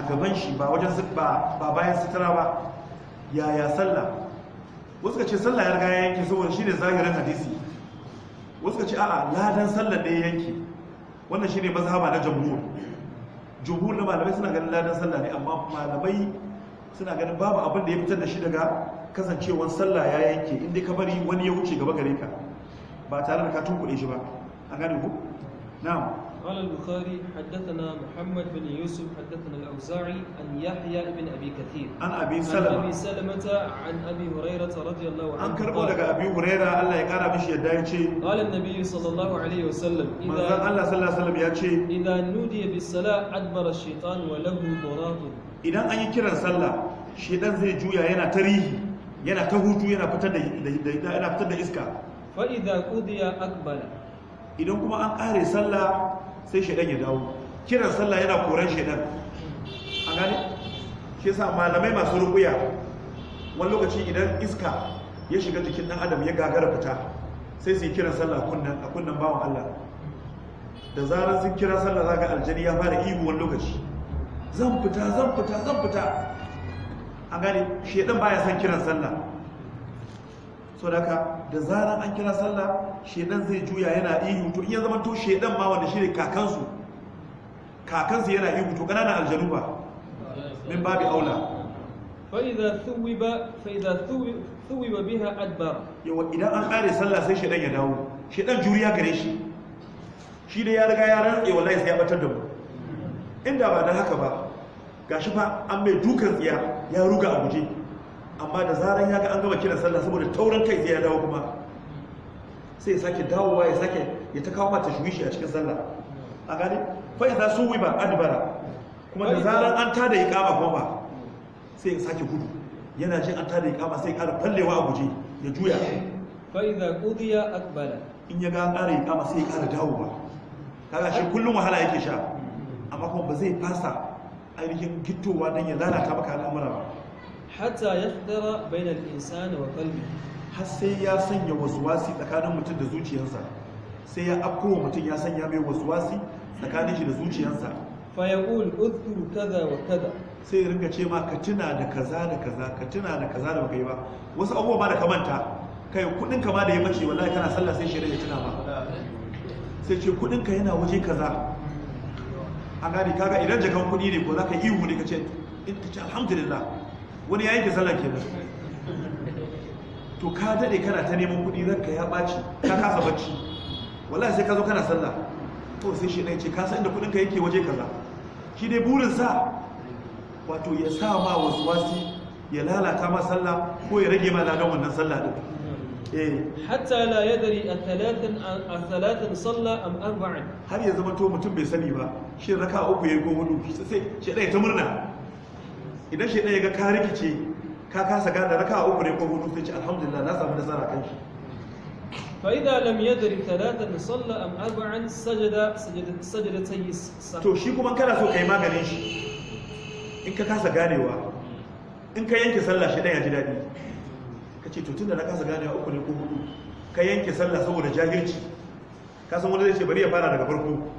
a gaban shi ba wajen ba ba bayan sutura ba yaya sallah wasu ka ce sallah ya riga ya yanke saboda shi ne zahirin hadisi wasu ka ce a'a ladan sallah ne yanke wannan shi ne mazhaba na jamhur jamhur na malamai suna ganin ladan sallah ne amma malamai suna ganin babu abin da ya fitar da shi daga kasancewar sallah ya yanke inda ka bari wani ya wuce gaba gare ka ba tare da ka tunkuɗe shi ba a gane ku na'am قال البخاري حدثنا محمد بن يوسف حدثنا الأوزاعي عن يحيى بن أبي كثير عن أبي سلمة عن أبي سلمة عن أبي هريرة رضي الله عنه عن كربو لك أبي هريرة الله يقرأ بشي يدايتي قال النبي صلى الله عليه وسلم إذا الله صلى الله عليه وسلم يأتي إذا نودي بالصلاة أدبر الشيطان وله ضراط إذا أي كرا صلى الشيطان زي جويا ينا تريه ينا تهوجو ينا فتد ينا فتد إسكا فإذا قضي أقبل إذا كما أن قاري صلى sai shaidan ya dawo kiran sallah yana koran shaidan a gane shi sa malamai masu rukuya wani lokaci idan iska ya shiga jikin dan adam ya gagara fita sai su yi kiran sallah a kunnan bawan Allah da zarar sun kira sallah za ga aljani ya fara ihu wani lokaci zan fita zan fita zan fita a gane shaidan baya son kiran sallah so da zarar zaran an kira sallah shedan zai juya yana ihu to in ya zama to shedan ma wanda shine kakansu kakansu yana ihu to kananan aljanu ba min babi aula فإذا ثوب فإذا ثوب biha أدبر يو idan an kare Sallah sai shedan ya dawo. shedan juriya gare shi shi da ya riga ya eh wallahi sai ya batar da mu inda ba dan haka ba gashi fa an mai dukan tsiya ya ruga a guje amma da zaran ya ga an gama kiran sallah saboda taurin kai zai ya dawo kuma sai ya sake dawowa ya sake ya ta kawo mata shuwishi a cikin sallah a gani fa idza suwiba adbara kuma da zaran an tada kama kuma ba sai ya sake gudu yana jin an tada kama sai ya kara fallewa a guje ya juya fa idza qudiya aqbala in ya ga kara kama sai ya kara dawowa kaga shi kullum wahala yake sha amma kuma ba zai fasa ainihin gittowa don ya lalata maka al'amura ba hatta yahdara bainal insani wa kalbi har sai ya sanya wasi tsakanin mutum da zuciyarsa sai ya afkowa mutum ya sanya mai waswasi tsakanin shi da zuciyarsa fa yaqul udhkuru kaza wa kaza sai ringa ce ma ka tuna da kaza da kaza ka tuna da kaza da baka yi ba wasu abubuwa ba da ka manta kai kudin ka ma da ya mace wallahi kana sallah sai shirin ya tuna ba sai ce kudin ka yana waje kaza a gani kaga idan jakan kudi ne ko za ihu ne ka ce in ka ce alhamdulillah wani ya yi yanke zallar kenan to ka dade kana ta neman kuɗi ranka ya ɓaci ka kasa bacci wallahi sai ka zo kana sallah to sai shi ne ce ka san inda kuɗinka yake waje kaza shi dai burin sa wato ya sa ma wasu wasi ya lalata ma sallah ko ya rage ma ladan wannan sallah din eh. hatta la yadri athalatin athalatin salla am arba'in har ya zama to mutum bai sani ba shin raka uku yayi ko hudu sai sai dai ta murna idan shi ɗaya ga ka rikice ka kasa gane raka kawo ne ko hudu sai ce alhamdulillah na samu nasara kan shi فإذا لم da ثلاثا صلى أم أربعا سجد ta yi السهو to shi kuma kana so ka yi maganin shi in ka kasa ganewa in ka yanke sallah shi dan ya ji ka ce to da na kasa ganewa uku ne ko hudu ka yanke sallah saboda jahilci ka san wani zai ce bari ya fara daga farko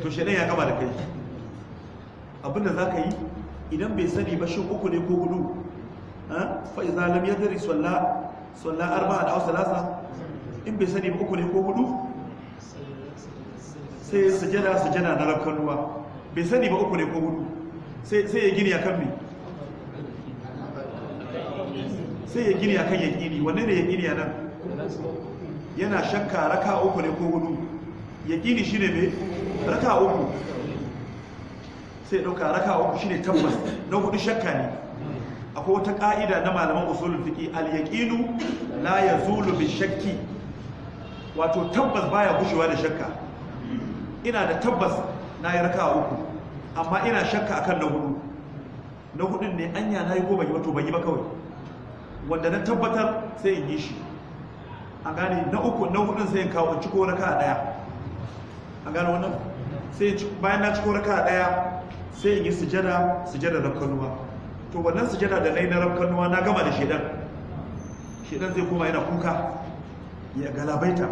to shi dan ya kama da kai abinda za ka yi idan bai sani ba shin uku ne ko hudu fa idza lam yadri salla salla arba'a da salasa in bai sani ba uku ne ko hudu sai sujada sujada na rabkan ruwa bai sani ba uku ne ko hudu sai sai ya gini akan me sai ya gini akan yaqini wanne ne yaqini anan yana shakka raka uku ne ko hudu yaqini shine me raka uku sai dauka raka uku shine tabbas na hudu shakka ne akwai wata ka'ida na malaman usulun fiqi al-yaqinu la yazulu bi shakki wato tabbas baya gushewa da shakka ina da tabbas na yi raka uku amma ina shakka akan na hudu na hudun ne anya na yi ko ban yi ba to ban yi ba kawai wanda na tabbatar sai in yi shi a gane na uku na hudun sai in kawo ciko raka daya a gane wannan sai bayan na ciko raka daya sai in yi sujada sujada kanuwa. to wannan sujada da nai na rafkanuwa na gama da shedan shedan zai koma yana kuka ya galabaita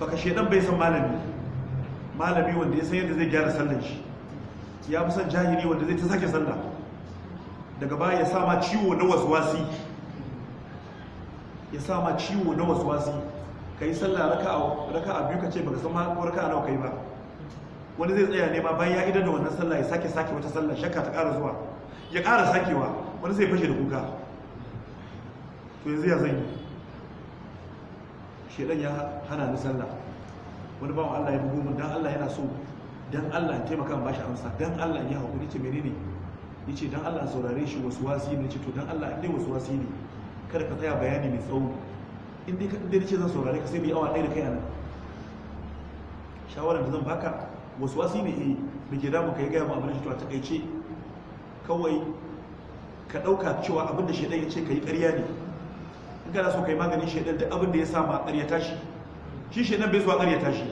saka shedan bai san malami malami wanda ya san yadda zai gyara sallan shi ya fi son jahili wanda zai ta sake sallah daga baya ya sama ciwo na waswasi ya sama ciwo na waswasi ka yi sallah raka'a biyu ka ce baka san raka'a nawa kai ba wani zai tsaya ne bayan ya idan da wannan sallah ya sake sake wata sallah shakka ta ƙara zuwa ya ƙara sakewa wani zai fashe da kuka to yanzu ya zan yi shedan ya hana ni sallah wani bawan Allah ya bugu mun dan Allah yana so dan Allah ya taimaka ba bashi amsa dan Allah ya hakuri ce menene yace dan Allah saurare shi wasu wasi ne ce to dan Allah in wasu wasi ne kada ka tsaya bayani mai tsawo in dai ka dai ce zan saurare ka sai bi awa ɗaya da kai nan shawarar da zan baka wasu wasi ne eh da ke damu ka yi gaya ma shi to a takaice kawai ka ɗauka cewa abin da shaidan ya ce ka yi ƙarya ne in kana so ka yi maganin shaidan da abin da ya samu a ƙarya tashi shi shaidan bai zuwa ƙarya tashi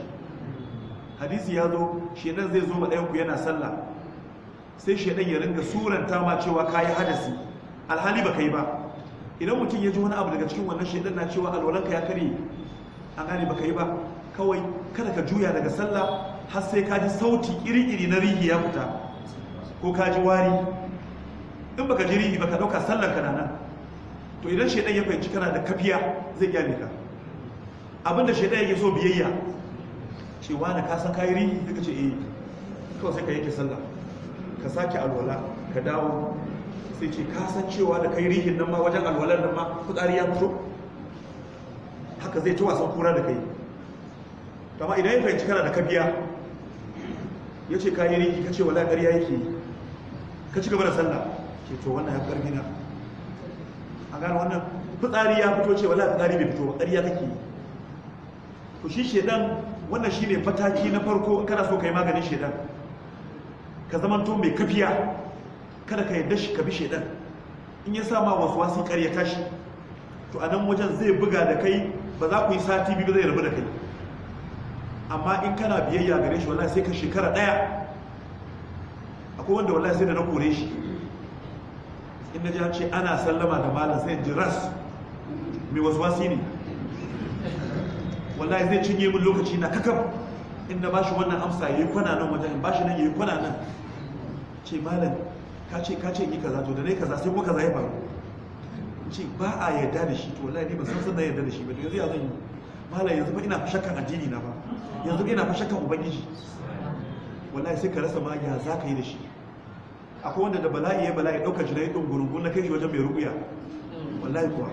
hadisi ya zo shaidan zai zo ma yana sallah sai shaidan ya ringa suranta ma cewa ka yi hadasi alhali ba ka yi ba idan mutum ya ji wani abu daga cikin wannan shaidan na cewa alwalanka ya karye an gane ba ka yi ba kawai kada ka juya daga sallah har sai ka ji sauti iri-iri na rihi ya fita ko ka ji wari in baka ji rihi baka dauka sallar ka nan to idan shaidan ya fahimci kana da kafiya zai gyame ka abinda shaidan yake so biyayya cewa na ka san kai rihi daga ce eh to sai ka yake sallah ka sake alwala ka dawo sai ce ka san cewa da kai rihin nan ma wajen alwalar nan ma tsari ya fito haka zai ci wasan kura da kai amma idan ya fahimci kana da kafiya. ya ce ka yi riki ka ce wala ƙarya yake ka ci gaba da sallah ke to wannan ya ƙarfi na a gane wannan fitsari ya fito ce wala fitsari bai fito ba ƙarya kake to shi shedan wannan shi ne mataki na farko kana so ka yi maganin shedan ka zamanto mai kafiya kada ka yadda shi ka bi shedan in ya sama wasu wasu ya tashi. to a nan wajen zai buga da kai ba za ku yi sati biyu zai rabu da kai amma in kana biyayya gare shi wallahi sai ka shekara daya akwai wanda wallahi sai da na kore shi in na ji an ce ana sallama da malam sai ji ras mai wasi ne wallahi zai cinye min lokaci na kakam inda ba shi wannan amsa ya yi kwana nan wajen ba shi nan ya yi kwana nan ce malam ka ce ka ce yi kaza to da na yi kaza sai kuma kaza ya faru ce ba a yarda da shi to wallahi ne ba san san na yarda da shi ba to yanzu ya zan yi mala yanzu ba ina fashakan addini na ba yanzu ina fashakan ubangiji wallahi sai ka rasa magiya za ka yi da shi akwai wanda da bala'i ya bala'i ɗaukar shi na yi ɗungurungun na kai shi wajen mai rubuya wallahi kuwa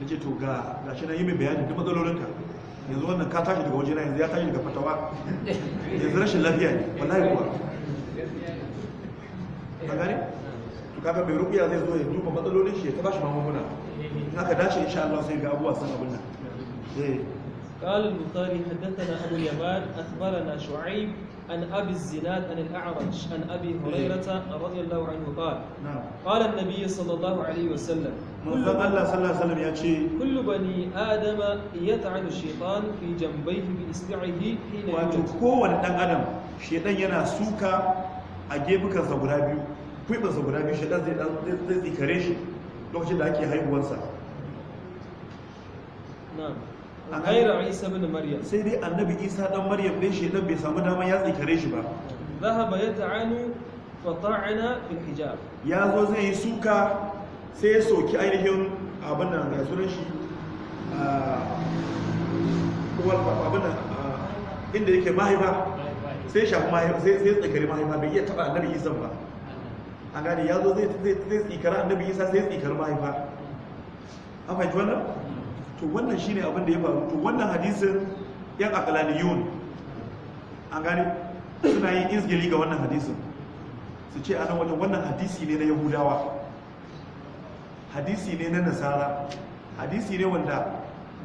na ce to ga shi na yi mai bayani duk matsalolinka yanzu wannan ka tashi daga wajena yanzu ya tashi daga fatawa yanzu rashin lafiya ne wallahi kuwa a gane to kaga mai rubuya zai zo ya duba matsalolin shi ya ta shi magunguna in aka dace insha Allah sai ga abuwa san abin nan قال البخاري حدثنا أبو اليمان أخبرنا شعيب عن أبي الزناد عن الأعرج عن أبي هريرة رضي الله عنه قال قال النبي صلى الله عليه وسلم كل الله صلى الله عليه وسلم يأتي كل بني آدم يطعن الشيطان في جنبيه بإصبعه حين يموت كون دان آدم شيطان ينا سوكا أجيبك زغرابيو كويبا زغرابيو شيطان زي زي كريش لوكشن da ake haihuwarsa na'am a gaira isa bin maryam sai dai annabi isa dan maryam dai shedan bai samu damar ya tsinkare shi ba zahaba ya ta'anu fa ta'ana fil hijab ya zo zai yi suka sai ya soki ainihin abin nan ya sunan shi abin nan inda yake mahaifa sai shafi mahaifa sai tsinkare mahaifa bai iya taba annabi isa ba a gane ya zo zai tsikara annabi isa sai tsikar mahaifa a fahimci wannan to wannan shine abin da ya faru to wannan hadisin yan akalaniyun an gane suna yin izgili ga wannan hadisin su ce anan wajen wannan hadisi ne na yahudawa hadisi ne na nasara hadisi ne wanda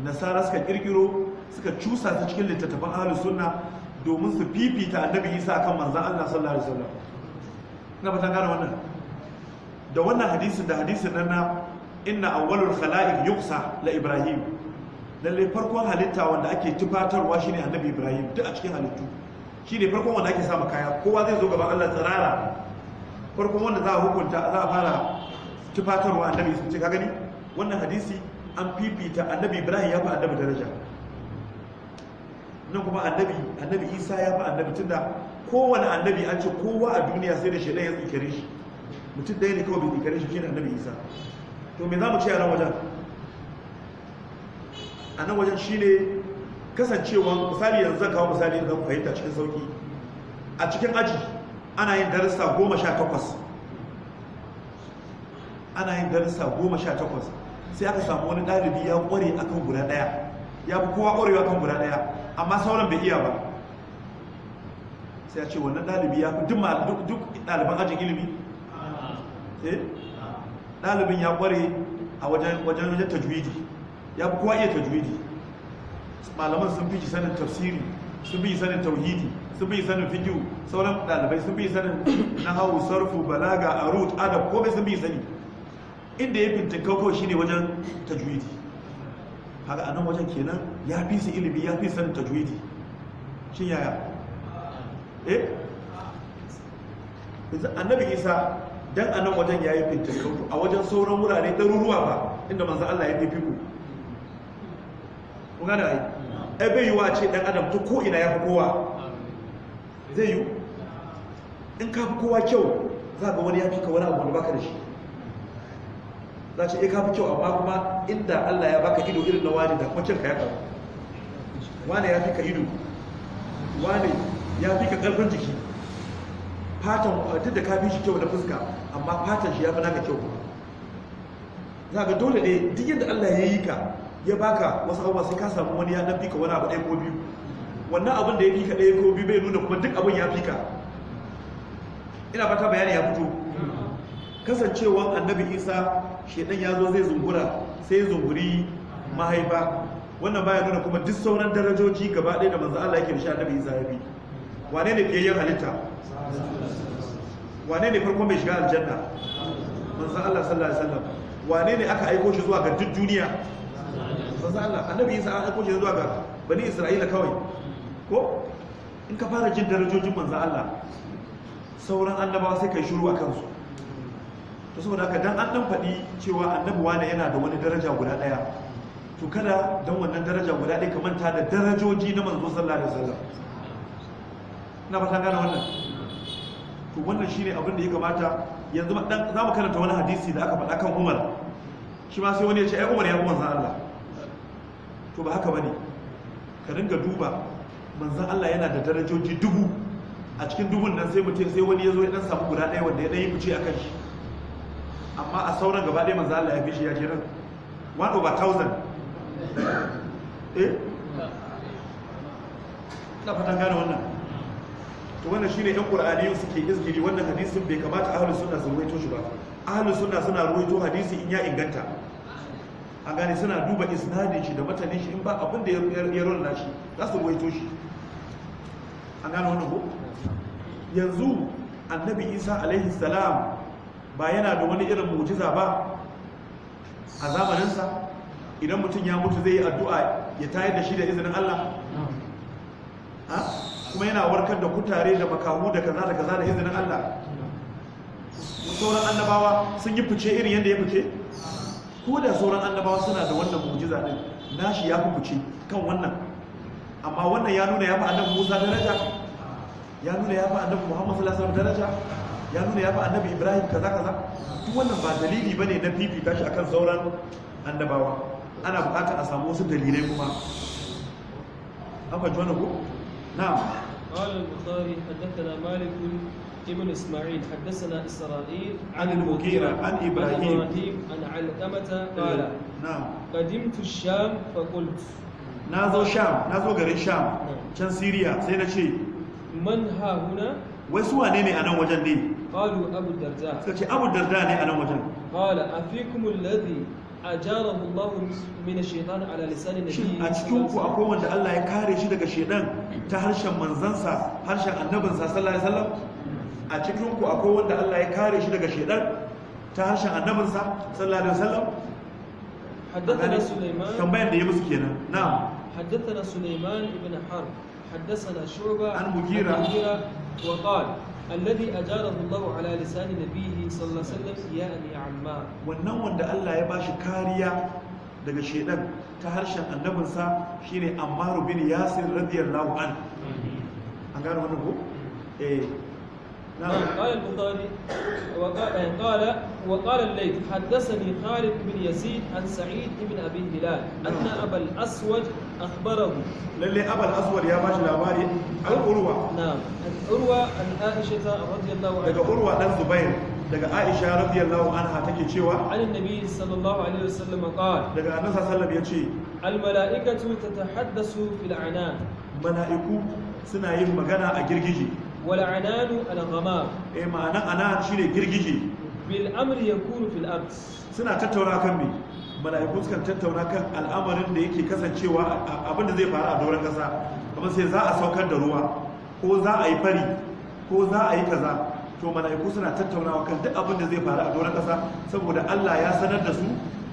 nasara suka kirkiro suka cusa ta cikin littattafan ahlus sunna domin su fifita annabi isa akan manzon Allah sallallahu alaihi wasallam na fata gane wannan da wannan hadisin da hadisin nan na inna awwalul khala'iq yuqsa la ibrahim lalle farkon halitta wanda ake tufatarwa shine annabi ibrahim duk a cikin halittu shine farkon wanda ake sama kaya kowa zai zo gaban Allah tsirara farkon wanda za a hukunta za a fara tufatarwa annabi sun ce ka gani wannan hadisi an fifita annabi ibrahim ya fi annabi daraja nan kuma annabi annabi isa ya fi annabi tunda kowane annabi an ce kowa a duniya sai da shaidan ya tsikare shi mutum ɗaya ne kawai bai tsikare shi shine annabi isa to me za mu ce a nan wajen a nan wajen shi ne kasancewa misali yanzu zan kawo misali da ku fahimta cikin sauki a cikin aji ana yin darussa goma sha takwas ana yin darussa goma sha takwas sai aka samu wani ɗalibi ya ƙware a kan guda ɗaya ya fi kowa a kan guda ɗaya amma sauran bai iya ba sai a ce wannan ɗalibi ya fi duk ɗaliban ajin ilimi eh? dalibin ya ƙware a wajen wajen tajwidi ya fi kowa iya tajwidi malaman sun fi sanin tafsiri sun fi sanin tauhidi sun fi sanin fikiyu sauran dalibai sun fi sanin nahawu sarfu balaga arut adab ko bai sun fi sani inda ya fintinka ko shine wajen tajwidi haka anan wajen kenan ya fi su ilimi ya fi sanin tajwidi shin yaya eh annabi isa dan a nan wajen ya yi fintinkanku a wajen sauran wurare ɗaruruwa ba inda manzan Allah ya fifi ku kuna da ai ebe eh, yiwa ce ɗan adam ta ko ina ya fi kowa zai yi in ka fi kowa kyau za ga wani ya fi ka wani abu da baka da shi za ce eh, ka fi kyau amma kuma inda Allah ya baka ido irin na wani da kuma kyanka ya karu wani ya fi ka ido wani ya fi ka ƙarfin jiki fatan duk da kafin shi kyau da fuska amma fatan shi ya fi naka kyau za ga dole ne duk yadda Allah ya yi ka ya baka wasu abubuwa sai ka samu wani ya dan fika wani abu ɗaya ko biyu wannan abin da ya fika ɗaya ko biyu bai nuna kuma duk abin ya fika ina fata bayani ya fito Kasancewan annabi isa shaidan ya zo zai zungura sai zunguri mahaifa wannan baya nuna kuma duk sauran darajoji gaba ɗaya da manzo Allah yake da shi annabi isa ya bi wane ne biyayyen halitta wane ne farko mai shiga aljanna manzan Allah sallallahu alaihi wasallam wane ne aka aiko shi zuwa ga duk duniya manzan Allah annabi Isa an aiko shi zuwa ga bani Isra'ila kawai ko in ka fara jin darajojin manzan Allah sauran annabawa sai kai shiru a kansu to saboda haka dan an dan faɗi cewa annabi wane yana da wani daraja guda ɗaya to kada dan wannan daraja guda ɗaya ka manta da darajoji na manzo sallallahu alaihi wasallam na fata gane wannan to wannan shine abin da ya kamata yanzu za mu karanta wani hadisi da aka faɗa kan Umar shi ma sai wani ya ce ai Umar ya kuma manzan Allah to ba haka bane ka ringa duba manzan Allah yana da darajoji dubu a cikin dubun nan sai mutum sai wani ya zo ya dan samu guda ɗaya wanda ya dan yi fice akan shi amma a sauran gaba ɗaya manzan Allah ya fi shi ya ce nan one over thousand eh na fatan gane wannan to wannan shine yan qur'aniyun suke izgiri wannan hadisin bai kamata ahalus suna su ruwaito shi ba ahalus suna suna ruwaito hadisi in ya inganta a gane suna duba isnadin shi da matanin shi in ba abin da ya rulla shi za su ruwaito shi an gane wannan ko yanzu annabi isa alaihi salam ba yana da wani irin mujiza ba a zamaninsa idan mutum ya mutu zai yi addu'a ya tayar da shi da izinin allah ha kuma yana warkar da kutare da makamu da kaza da kaza da izinin Allah sauran annabawa sun yi fice irin yadda ya fice ko da sauran annabawa suna da wannan mujiza din nashi ya fi fice kan wannan amma wannan ya nuna ya fi annabi Musa daraja ya nuna ya fi annabi Muhammad sallallahu alaihi daraja ya nuna ya fi annabi Ibrahim kaza kaza duk wannan ba dalili bane na fifita shi akan sauran annabawa ana bukatar a samu wasu dalilai kuma an fahimci wannan ko نعم قال البخاري حدثنا مالك ابن اسماعيل حدثنا اسرائيل عن المغيرة عن ابراهيم عن علقمة قال نعم قدمت الشام فقلت نازو شام نازو غري شام كان سوريا سي نشي من ها هنا وسوا ne ne a nan wajen ne qalu abu darda suka ce abu darda ne a nan wajen qala afikum alladhi ajarahu Allah min ash-shaytan ala lisan an-nabi a cikin ku akwai wanda Allah ya kare shi daga shedan ta harshen manzansa harshen annabinsa sallallahu alaihi wasallam a cikin ku akwai wanda Allah ya kare shi daga shedan ta harshen annabinsa sallallahu alaihi wasallam haddathana Sulaiman tambayar da ya musu kenan na'am haddathana Sulaiman ibn Harb haddathana Shu'ba an Mughira alladhi ajarahu Allah ala lisani nabiyhi sallallahu alaihi wasallam ya ani amma wannan wanda Allah ya bashi kariya daga shedan ta harshen annabinsa shine Ammar bin Yasir radiyallahu anhu an gano wannan ko eh نعم قال البخاري وقال وقال الليث حدثني خالد بن يزيد عن سعيد بن ابي هلال ان نعم. ابا الاسود اخبره للي ابا الاسود يا باشا لاباري الاروى نعم الاروى عن عائشه رضي الله عنها لقى اروى بن زبير لقى عائشه رضي الله عنها تكي شوى عن النبي صلى الله عليه وسلم قال لقى النبي صلى الله عليه وسلم قال الملائكه تتحدث في العنان ملائكه سنايم مغنى اجر جيجي wala ananu al-ghamam eh ma'ana anan shine girgije bil amri yakunu fil ard suna tattauna kan me mala'iku sukan tattauna kan al'amarin da yake kasancewa abin da zai faru a doron kasa kamar sai za a saukar da ruwa ko za a yi fari ko za a yi kaza to mala'iku suna tattaunawa kan duk abin da zai faru a doron kasa saboda Allah ya sanar da su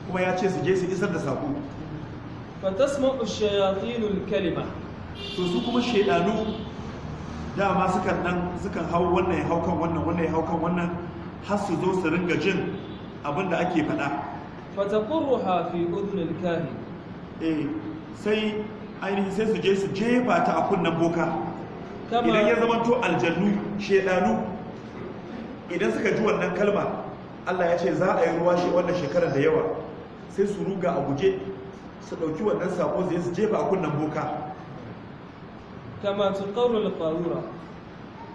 kuma ya ce su je su isar da sako fa tasma'u shayatinul kalima to su kuma shaydanu dama sukan nan sukan hau wannan ya hau kan wannan wannan ya hau kan wannan har su zo su ringa jin abin da ake faɗa fatakurruha fi udnil kahin eh sai ainihin sai su je su jefa ta a kunnen boka idan ya zama to aljannu shedanu idan suka ji wannan kalma Allah ya ce za a yi ruwa shi wannan shekarar da yawa sai su ruga a guje su ɗauki wannan sako zai su jefa a kunnen boka kama tuqarru al-qarura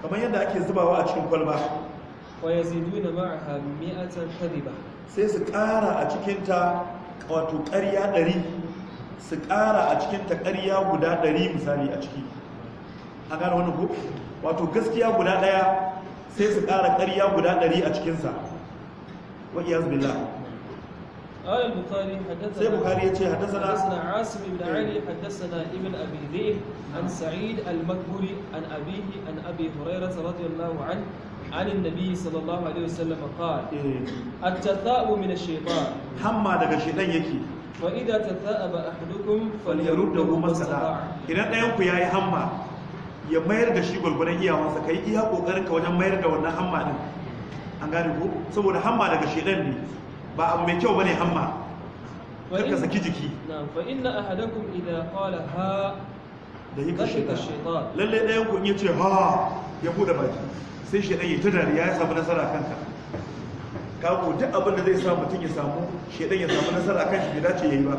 kamar yadda ake zubawa a cikin kwalba wa yaziduna ma'aha mi'atan ba? sai su ƙara a cikin ta wato ƙarya ɗari su ƙara a cikin ta ƙarya guda ɗari, misali a ciki a gane wani ko wato gaskiya guda ɗaya sai su ƙara ƙarya guda ɗari a cikinsa wa iyaz billah قال البخاري حدثنا سي البخاري يتي حدثنا حدثنا عاصم بن علي حدثنا ابن ابي ذئب عن سعيد المقبري عن ابيه عن ابي هريره رضي الله عنه عن النبي صلى الله عليه وسلم قال التثاؤب من الشيطان حما daga shedan yake fa idza tathaba ahadukum falyaruddahu masala idan dayan ku yayi hamma ya mayar da shi gurgurdan iyawansa kai iya kokarin ka wajen mayar da wannan hamma din an gane ko saboda hamma daga shedan ne ba abu mai kyau ba ne hamma ka saki jiki na'am fa inna ahadakum idha qala ha da yake shaitan lalle ɗayan ku in ce ha ya bude baki sai shaitan ya ta dariya ya samu nasara kanka kawo duk abin da zai sa mutum ya samu shaitan ya samu nasara kan shi bai dace ya yi ba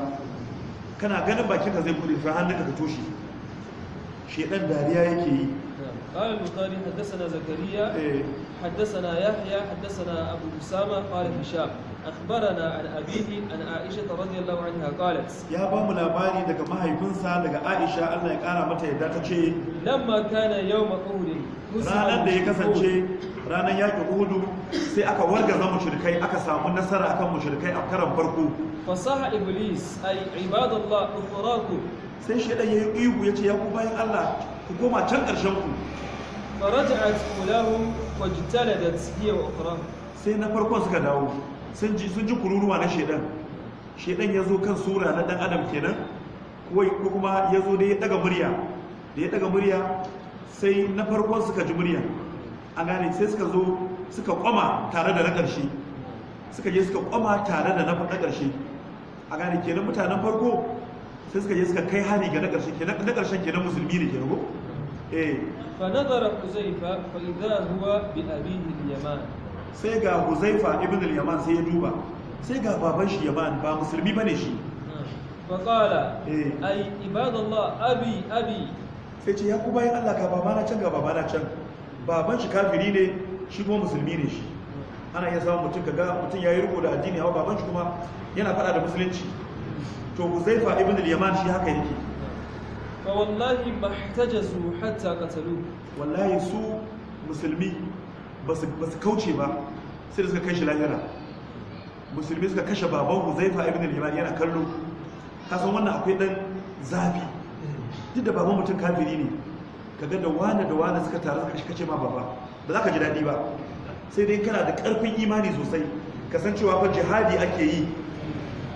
kana ganin bakinka zai bude sai hannun ka toshe shaitan dariya yake yi قال البخاري حدثنا زكريا حدثنا يحيى حدثنا ابو اسامه قال هشام اخبرنا عن ابيه عن عائشه رضي الله عنها قالت يا بام لاباري daga mahaifinsa daga Aisha Allah ya kara mata yadda ta ce lamma kana yawm uhud ranar da ya kasance ranar yaki hudu sai aka wargaza mushrikai aka samu nasara akan mushrikai a karan farko fasaha iblis ay ibadallah ukhraku sai shedan yayi ihu yace ya ku bayan Allah ku koma can karshen ku فرجعت أولاهم واجتلدت هي وأخراهم sai na farkon suka dawo sun ji kururuwa na shedan shedan ya zo kan sura na dan adam kenan ko kuma ya zo da ya daga murya da ya daga murya sai na farkon suka ji murya a gane sai suka zo suka kwama tare da na ƙarshe suka je suka kwama tare da na ƙarshe a gane kenan mutanen farko sai suka je suka kai hari ga na ƙarshe kenan na ƙarshen kenan musulmi ne kenan ko Eh. فنظر حذيفة فإذا هو بأبيه اليمان sai ga huzaifa ibn al sai ya duba sai ga baban shi yaman ba musulmi bane shi hmm. faqala eh. ay ibadallah abi abi sai ce ya ku Allah babana can ga babana can baban shi ne shi kuma musulmi ne shi hmm. ana iya samun mutum kaga mutum yayi riko da addini amma baban shi kuma yana fada da musulunci to huzaifa ibn al-yaman shi haka yake fa wallahi su hatta qatalu wallahi su musulmi ba su kauce ba sai suka kai shi lahira musulmi suka kashe baban Huzaifa ibn al-Yamani yana kallo san wannan akwai dan zafi duk da baban mutum kafiri ne kaga da wani da wani suka taru suka kace ma baba ba za ka ji daɗi ba sai dai kana da ƙarfin imani sosai kasancewa fa jihadi ake yi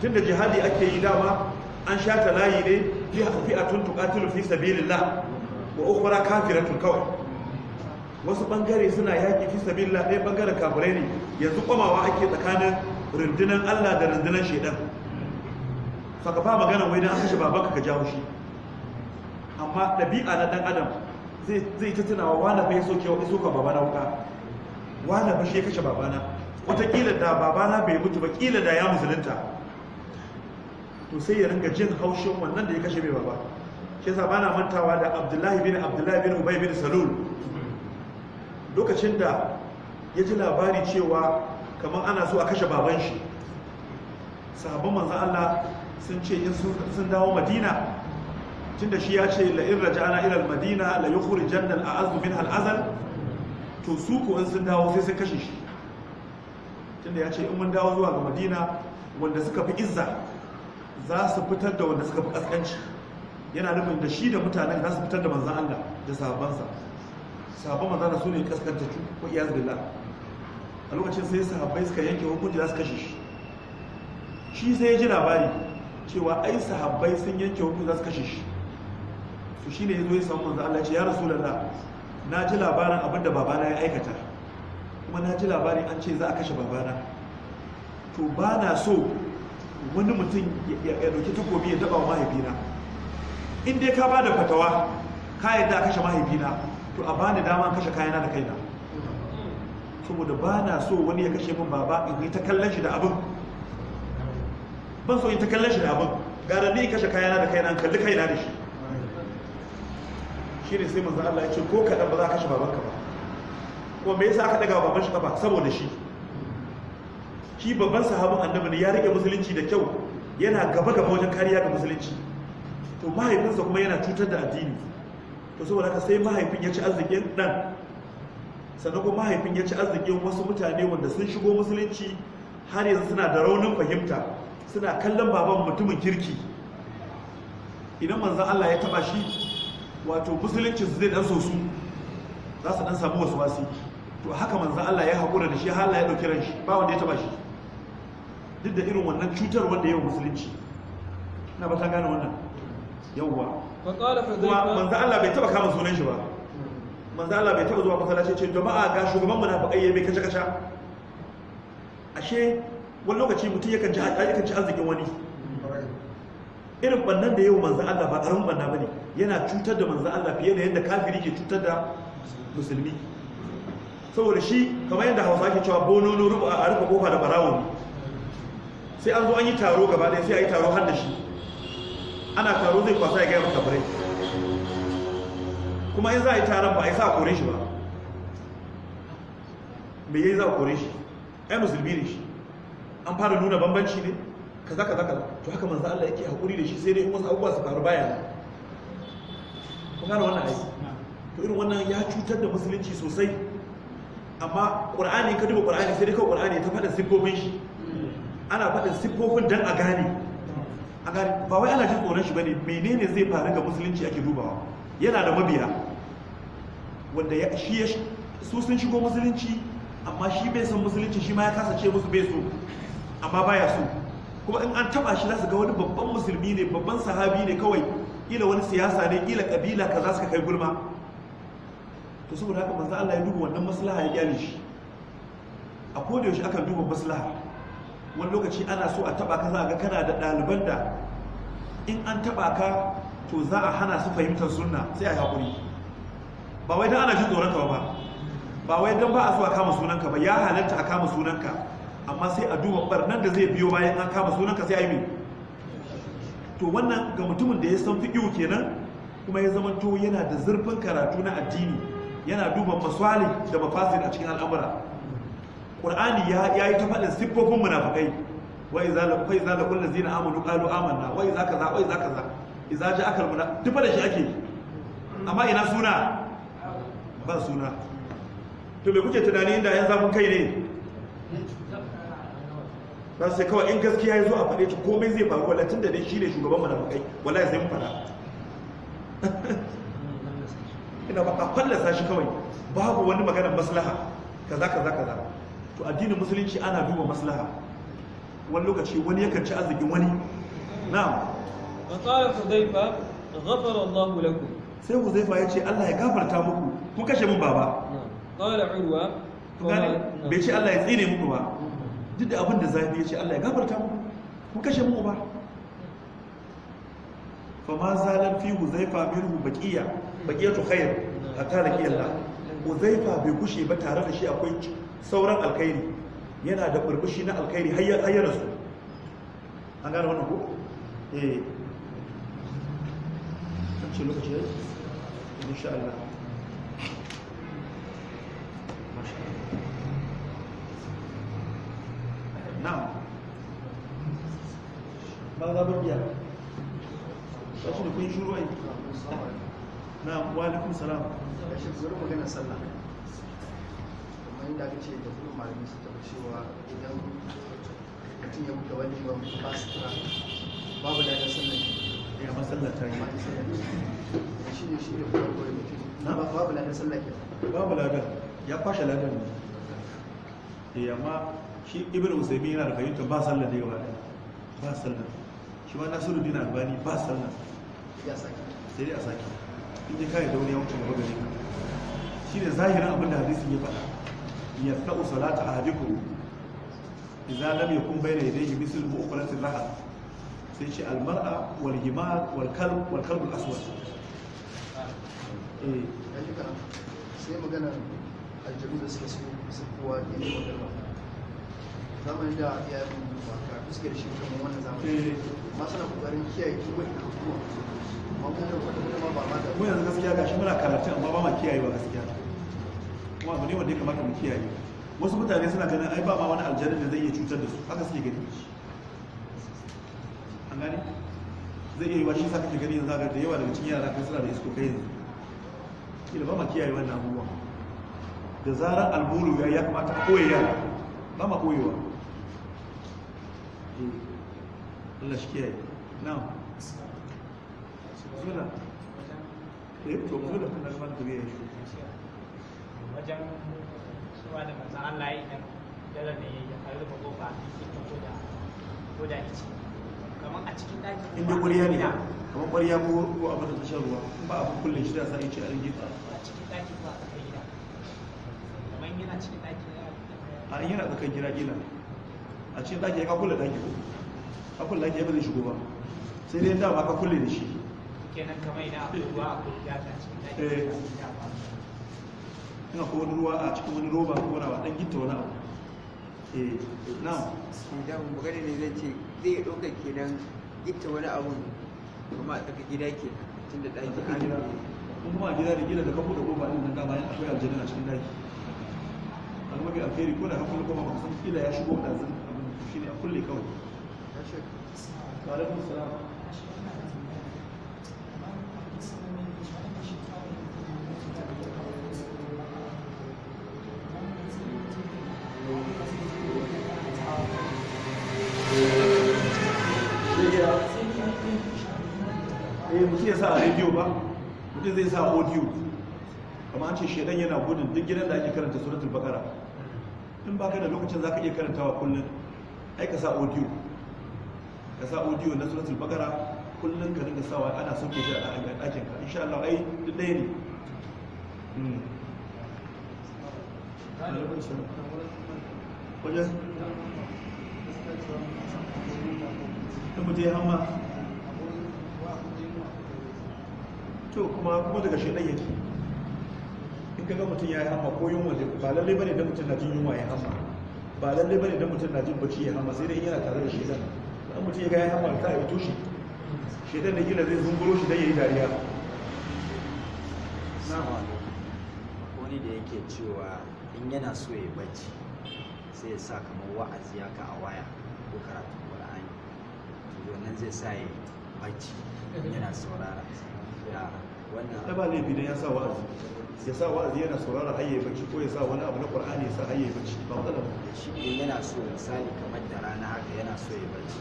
tunda jihadi ake yi dama an shata layi ne fi'atun tuqatilu fi sabilillah wa ukhra kafiratun kawai wasu bangare suna yaki fi sabilillah ɗaya bangaren kafirai ne yanzu komawa ake tsakanin rundunar Allah da rundunar shedan saka ba magana wai dan kashe babanka ka jawo shi amma ɗabi'a na dan adam zai zai ta tunawa wani fa so soke wa iso ka babana wuka wani fa kashe babana wataƙila da babana bai mutu ba ƙila da ya musulunta to sai ya ringa jin haushin wannan da ya kashe mai baba shi yasa bana mantawa da Abdullahi bin Abdullahi bin Ubay bin Salul lokacin da ya ji labari cewa kamar ana so a kashe baban shi sahabban manzo Allah sun ce in sun dawo Madina tunda shi ya ce la in raja'ana ila al-Madina la yukhrijanna al-a'azzu minha to su ko in sun dawo sai sun kashe shi tunda ya ce in mun dawo zuwa ga Madina wanda suka fi izza za su fitar da wanda suka fi kaskanci yana nufin da shi da mutanen za su fitar da manzan Allah da sabonsa. sahabban manzan su ne kaskantattu ko iyaz billah a lokacin sai sahabbai suka yanke hukunci za su kashe shi shi sai ya ji labari cewa ai sahabbai sun yanke hukunci za su kashe shi to shi ne ya samu manzan Allah ya ce ya rasu lalla. na ji labarin abin da babana ya aikata kuma na ji labarin an ce za a kashe babana to ba na so wani mutum ya doki takobi ya daba wa mahaifina in dai ka bada fatawa ka yadda a kashe mahaifina to a bani dama kashe kayana da kaina saboda ba na so wani ya kashe min baba in yi ta kallon shi da abin ban so yi ta kallon shi da abin gara ne kashe kayana da kaina kalli kaina da shi shi ne sai manzo Allah ya ce ko kaɗan ba za a kashe babanka ba kuma me yasa aka daga baban shi ba saboda shi shi babban sahabin annabi ne ya rike musulunci da kyau yana gaba gaba wajen kariya ga musulunci to mahaifinsa kuma yana cutar da addini to saboda haka sai mahaifin ya ci arzikin dan sannan kuma mahaifin ya ci arzikin wasu mutane wanda sun shigo musulunci har yanzu suna da raunin fahimta suna kallon baban mutumin kirki idan manzon Allah ya taba shi wato musulunci su zai dan su za su dan samu wasu wasi to haka manzon Allah ya haƙura da shi har Allah ya ɗauki ran shi ba wanda ya taba shi duk da irin wannan cutar wanda yau musulunci na ba ta gane wannan yawwa kuma manza Allah bai taba kama sunan shi ba Manza Allah bai taba zuwa masallaci ce jama'a ga shugaban muna yayi mai kaca-kaca? ashe wani lokaci mutum yakan ji yakan ci arzikin wani irin bannan da yau manza Allah ba karamin banna ne? yana cutar da manza Allah fiye da yadda kafiri ke cutar da musulmi saboda shi kamar yadda Hausa ke cewa bonono rubu a rufe kofa da barawon sai an zo an yi taro gaba ɗaya sai a yi taro har da shi ana taro zai kwasa ya gaya maka bare kuma in za a yi taron ba a yi sa a kore shi ba me yayi za a kore shi ai musulmi ne shi an fara nuna bambanci ne kaza kaza kaza to haka manzo Allah yake hakuri da shi sai dai wasu abubuwa su faru baya kuma gane wannan aiki to irin wannan ya cutar da musulunci sosai amma qur'ani ka duba qur'ani sai dai kawai qur'ani ta faɗa sifofin shi ana faɗin siffofin don a gane a gane ba wai ana jin tsoron shi ba ne menene zai faru ga musulunci ake dubawa yana da mabiya wanda ya shi ya su sun shigo musulunci amma shi bai san musulunci shi ma ya kasa ce musu bai so amma baya so kuma in an taba shi za su ga wani babban musulmi ne babban sahabi ne kawai ila wani siyasa ne ila kabila za su kai gulma to saboda haka manzo Allah ya duba wannan maslaha ya gane shi a koda yaushe akan duba maslaha wani lokaci ana so a taba ka za ga kana da ɗaliban da in an taba ka to za a hana su fahimtar sunna sai a haƙuri ba wai don ana jin tsoron ba ba wai don ba a so a kama sunanka ba ya halarta a kama sunanka amma sai a duba barnan da zai biyo bayan an kama sunanka sai a yi to wannan ga mutumin da ya san fiƙiyu kenan kuma ya zama to yana da zurfin karatu na addini yana duba maswali da mafasid a cikin al'amura qur'ani ya yi ta faɗin siffofin munafikai wa iza la fa iza la kullu zina amanu qalu amanna wa iza kaza wa iza kaza iza akal muna duk da shi ake amma ina suna ba suna to me kuke tunani inda yan zafin kai ne ba sai kawai in gaskiya ya zo a faɗe ki komai zai faru wala tun da dai shi ne shugaban munafikai wala sai mun faɗa ina ba a fallasa shi kawai babu wani maganar maslaha kaza kaza kaza to addinin musulunci ana duba maslaha wani lokaci wani yakan ci arzikin wani na'am tsara fa qala hudayfa ghafara Allahu lakum sai hudayfa ya ce Allah ya gafarta muku kun kashe mun baba qala urwa bai ce Allah ya tsire muku ba duk da abin da zafi ya Allah ya gafarta muku kun kashe mun ba. fa ma zalan fi hudayfa minhu baqiya baqiyatu khair hatta laqiya Allah hudayfa bai kushe ba tare da shi akwai sauran alkhairi yana da burbushi na alkhairi har ya rasu an gane wannan ko eh ce lokaci yayi insha Allah na'am ba za mu biya shi da kun shuru ai na'am wa alaikum salam kashi zuru magana sallah inda aka ce da kuma malami su taɓa cewa idan mutum ya buɗe wani ba mutum ba su tura babu da ya sallar ya masallata ne shi ne shi ne kuma kawai mutum babu da ladan sallar ke babu ladan ya kwashe ladan ne eh amma shi ibnu usaymin yana da fahimta ba sallar da yawa ba sallar shi ma nasiruddin albani ba sallar ya saki sai dai a saki in ji kai da wani yawancin gaba gare ka shi ne zahirin abin da hadisin ya faɗa yafta'u salata ahadikum idza lam yakun bayna yadayhi misl mu'qalati rahab sai ce almar'a wal himar wal kalb wal kalb al aswad eh sai magana aljanu da suka su su kuwa ne magana zamanin da ya yi ba karatu suke da shi kamar wannan zamanin eh. Masana na kokarin kiyaye kuma ina hukumar amma kuma da wata kuma ba ma da mu yanzu gaskiya gashi muna karatu amma ba ma kiyaye ba gaskiya kuma abu ne wanda ya kamata mu kiyaye wasu mutane suna ganin ai ba ma wani aljanin da zai iya cutar da su haka suke gani an gane zai iya yi shi gani yanzu ga da yawa daga cikin yara kan suna da isko kai yanzu kila ba ma kiyaye wannan abubuwa da zara alburu ya ya kamata a koya yara ba ma koyewa eh, Allah shi kiyaye na'am zula eh to zula da wajen suwa da manzan Allah ya idan ne ya da gofa a cikin ko da ko da ice kamar a cikin da ƙwarya ne kamar ko a mata tashar ruwa ba a kullum shi da sa ice a rige ta a cikin daji ba a kai gida kamar yana cikin a gida a cikin daji ya ka kulle ko ka kulle daji ya sai dai dama ka kulle da shi kenan kamar ina a a kulle a cikin eh. ina ko wani ruwa a cikin wani roba ko wani dan gitta wani abu eh now idan magana ne zai ce zai dauka kenan gitta wani abu kuma a tsaka gida ke tun da daki an kun kuma a gida da gida da kafu da roba din nan ga bayan akwai aljanna a cikin daki an mafi alheri ko da hakuri kuma ba san kila ya shigo da zan abin shine a kulle kawai ya shek alaikum salam sa a ba mutum zai sa audio kamar ce shaidan yana gudun duk gidan da ake karanta suratul bakara in ba ka da lokacin za ka iya karantawa kullum ai ka sa audio ka sa audio na suratul bakara kullum ka dinga sawa ana sauke shi a ɗakin ka insha Allah ai duk ɗaya ne Kwaje? Kwaje? Kwaje? Kwaje? to kuma kuma daga shaidan yake in kaga mutum ya yi hama ko yunwa zai ba lalle bane da mutum na jin yunwa ya hama ba lalle bane da mutum na jin bacci ya hama sai dai yana tare da shaidan dan mutum ya ga ya hama ta yi toshi shaidan da gina zai zunguro shi dan yayi dariya na'am wani da yake cewa in yana so ya bacci sai ya sa kamar wa'azi haka a waya ko karatu Qur'ani to wannan zai sa ya bacci yana saurara ya ta ba laifi don ya sa wa'azi ya sa wa'azi yana saurara hayye bacci ko ya sa wani abu na qur'ani ya sa hayye bacci ba matsala ba shi ne yana so misali kamar da rana haka yana so ya bacci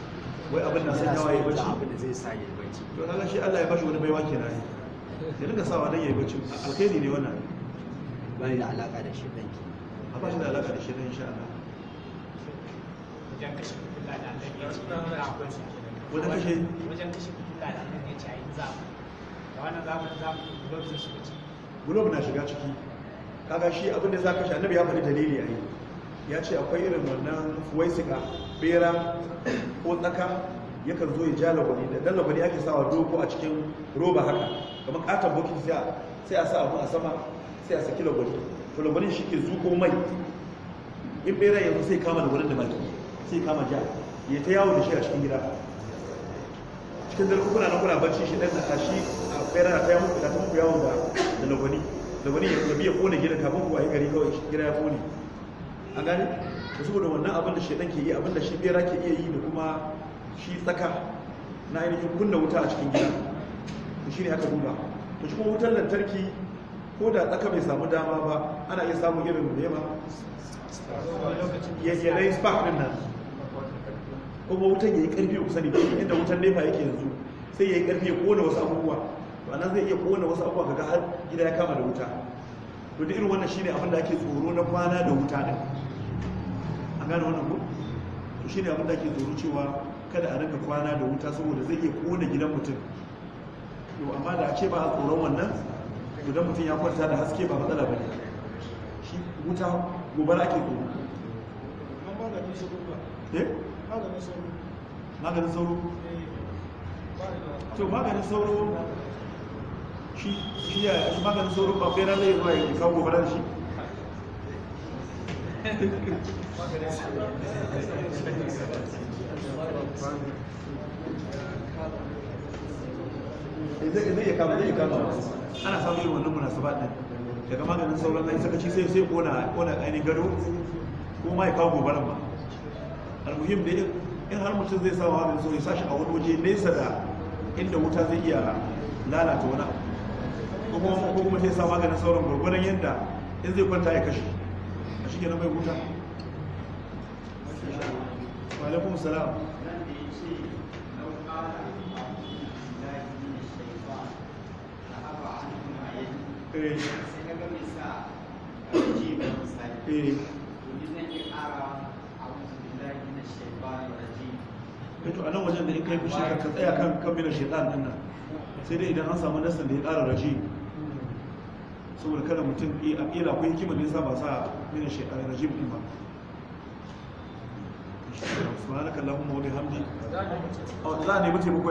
wai abin da sai yawa ya bacci abin da zai sa ya bacci to kaga shi Allah ya bashi wani baiwa kenan ya rinka sawa dan ya bacci alkhairi ne wannan bai da alaka da shi danki a ba shi da alaka da shi dan insha Allah wajen kashe kudin da Allah ya ce wajen kashe kudin da Allah ya ce za a da wannan zamanin gulob zai shiga ciki gulob na shiga ciki kaga shi abin da za ka annabi ya faɗi dalili a yi ya ce akwai irin wannan fuwaisika bera ko tsaka yakan zo ya ja lagwani da dan lagwani ake sawa doko a cikin roba haka kamar katon bokiti sai a sa abu a sama sai a saki lagwani to lagwani shi ke zuko mai in bera yanzu sai kama lagwanin da baki sai kama ja ya ta yawo da shi a cikin gida cikin dare kuna nan kuna bacci shi ɗan a shi a kai rana ta muku da muku yawon da da lagwani lagwani ya zabi biya kone gidan kafin ku a yi gari kawai gida ya kone a gani da saboda wannan abin da shedan ke yi abin da shi bera ke iya yi da kuma shi tsaka na ainihin kunna wuta a cikin gida to ne aka duba to shi kuma wutar lantarki ko da tsaka bai samu dama ba ana iya samun irin da yawa ya spark din nan kuma wutan ya yi ƙarfi ku sani inda wutan nefa yake yanzu sai ya yi ƙarfi ya kona wasu abubuwa to anan zai iya kona wasu abubuwa kaga har gida ya kama da wuta to duk irin wannan shine abin da ake tsoro na kwana da wuta din an gane wannan ko to shine abin da ake tsoro cewa kada a rinka kwana da wuta saboda zai iya kona gidan mutum to amma da ake ba a tsoron wannan gidan mutum ya kwanta da haske ba matsala ne shi wuta gobara ake tsoro maganin sauro to maganin sauro shi ya yi maganin sauro ba bai ranar yanzu ya kawo gobarar shi eh, zai ya kama zai ya kama ana samun yi wannan saba ɗin daga maganin sauran nan sakaci sai sai kona ainihin gado ko ma ya kawo gobarar ba almuhim da in har mutum zai samu abin so ya sashi a wani waje nesa da inda wuta zai iya lalata wani ko kuma ko kuma sai sa maganin sauran gurgurun yadda in zai kwanta ya kashe a shi kenan bai wuta wa alaikum salam Eh. Eh to a nan wajen da ya kai fushi ka tsaya kan kammilar shaitan din nan sai dai idan an samu nasan da ya ƙara raji saboda kada mutum eh, a ƙila akwai hikimar da yasa ba sa minar shaitan rajim din ba subhanakallahumma wa za a nemi mutum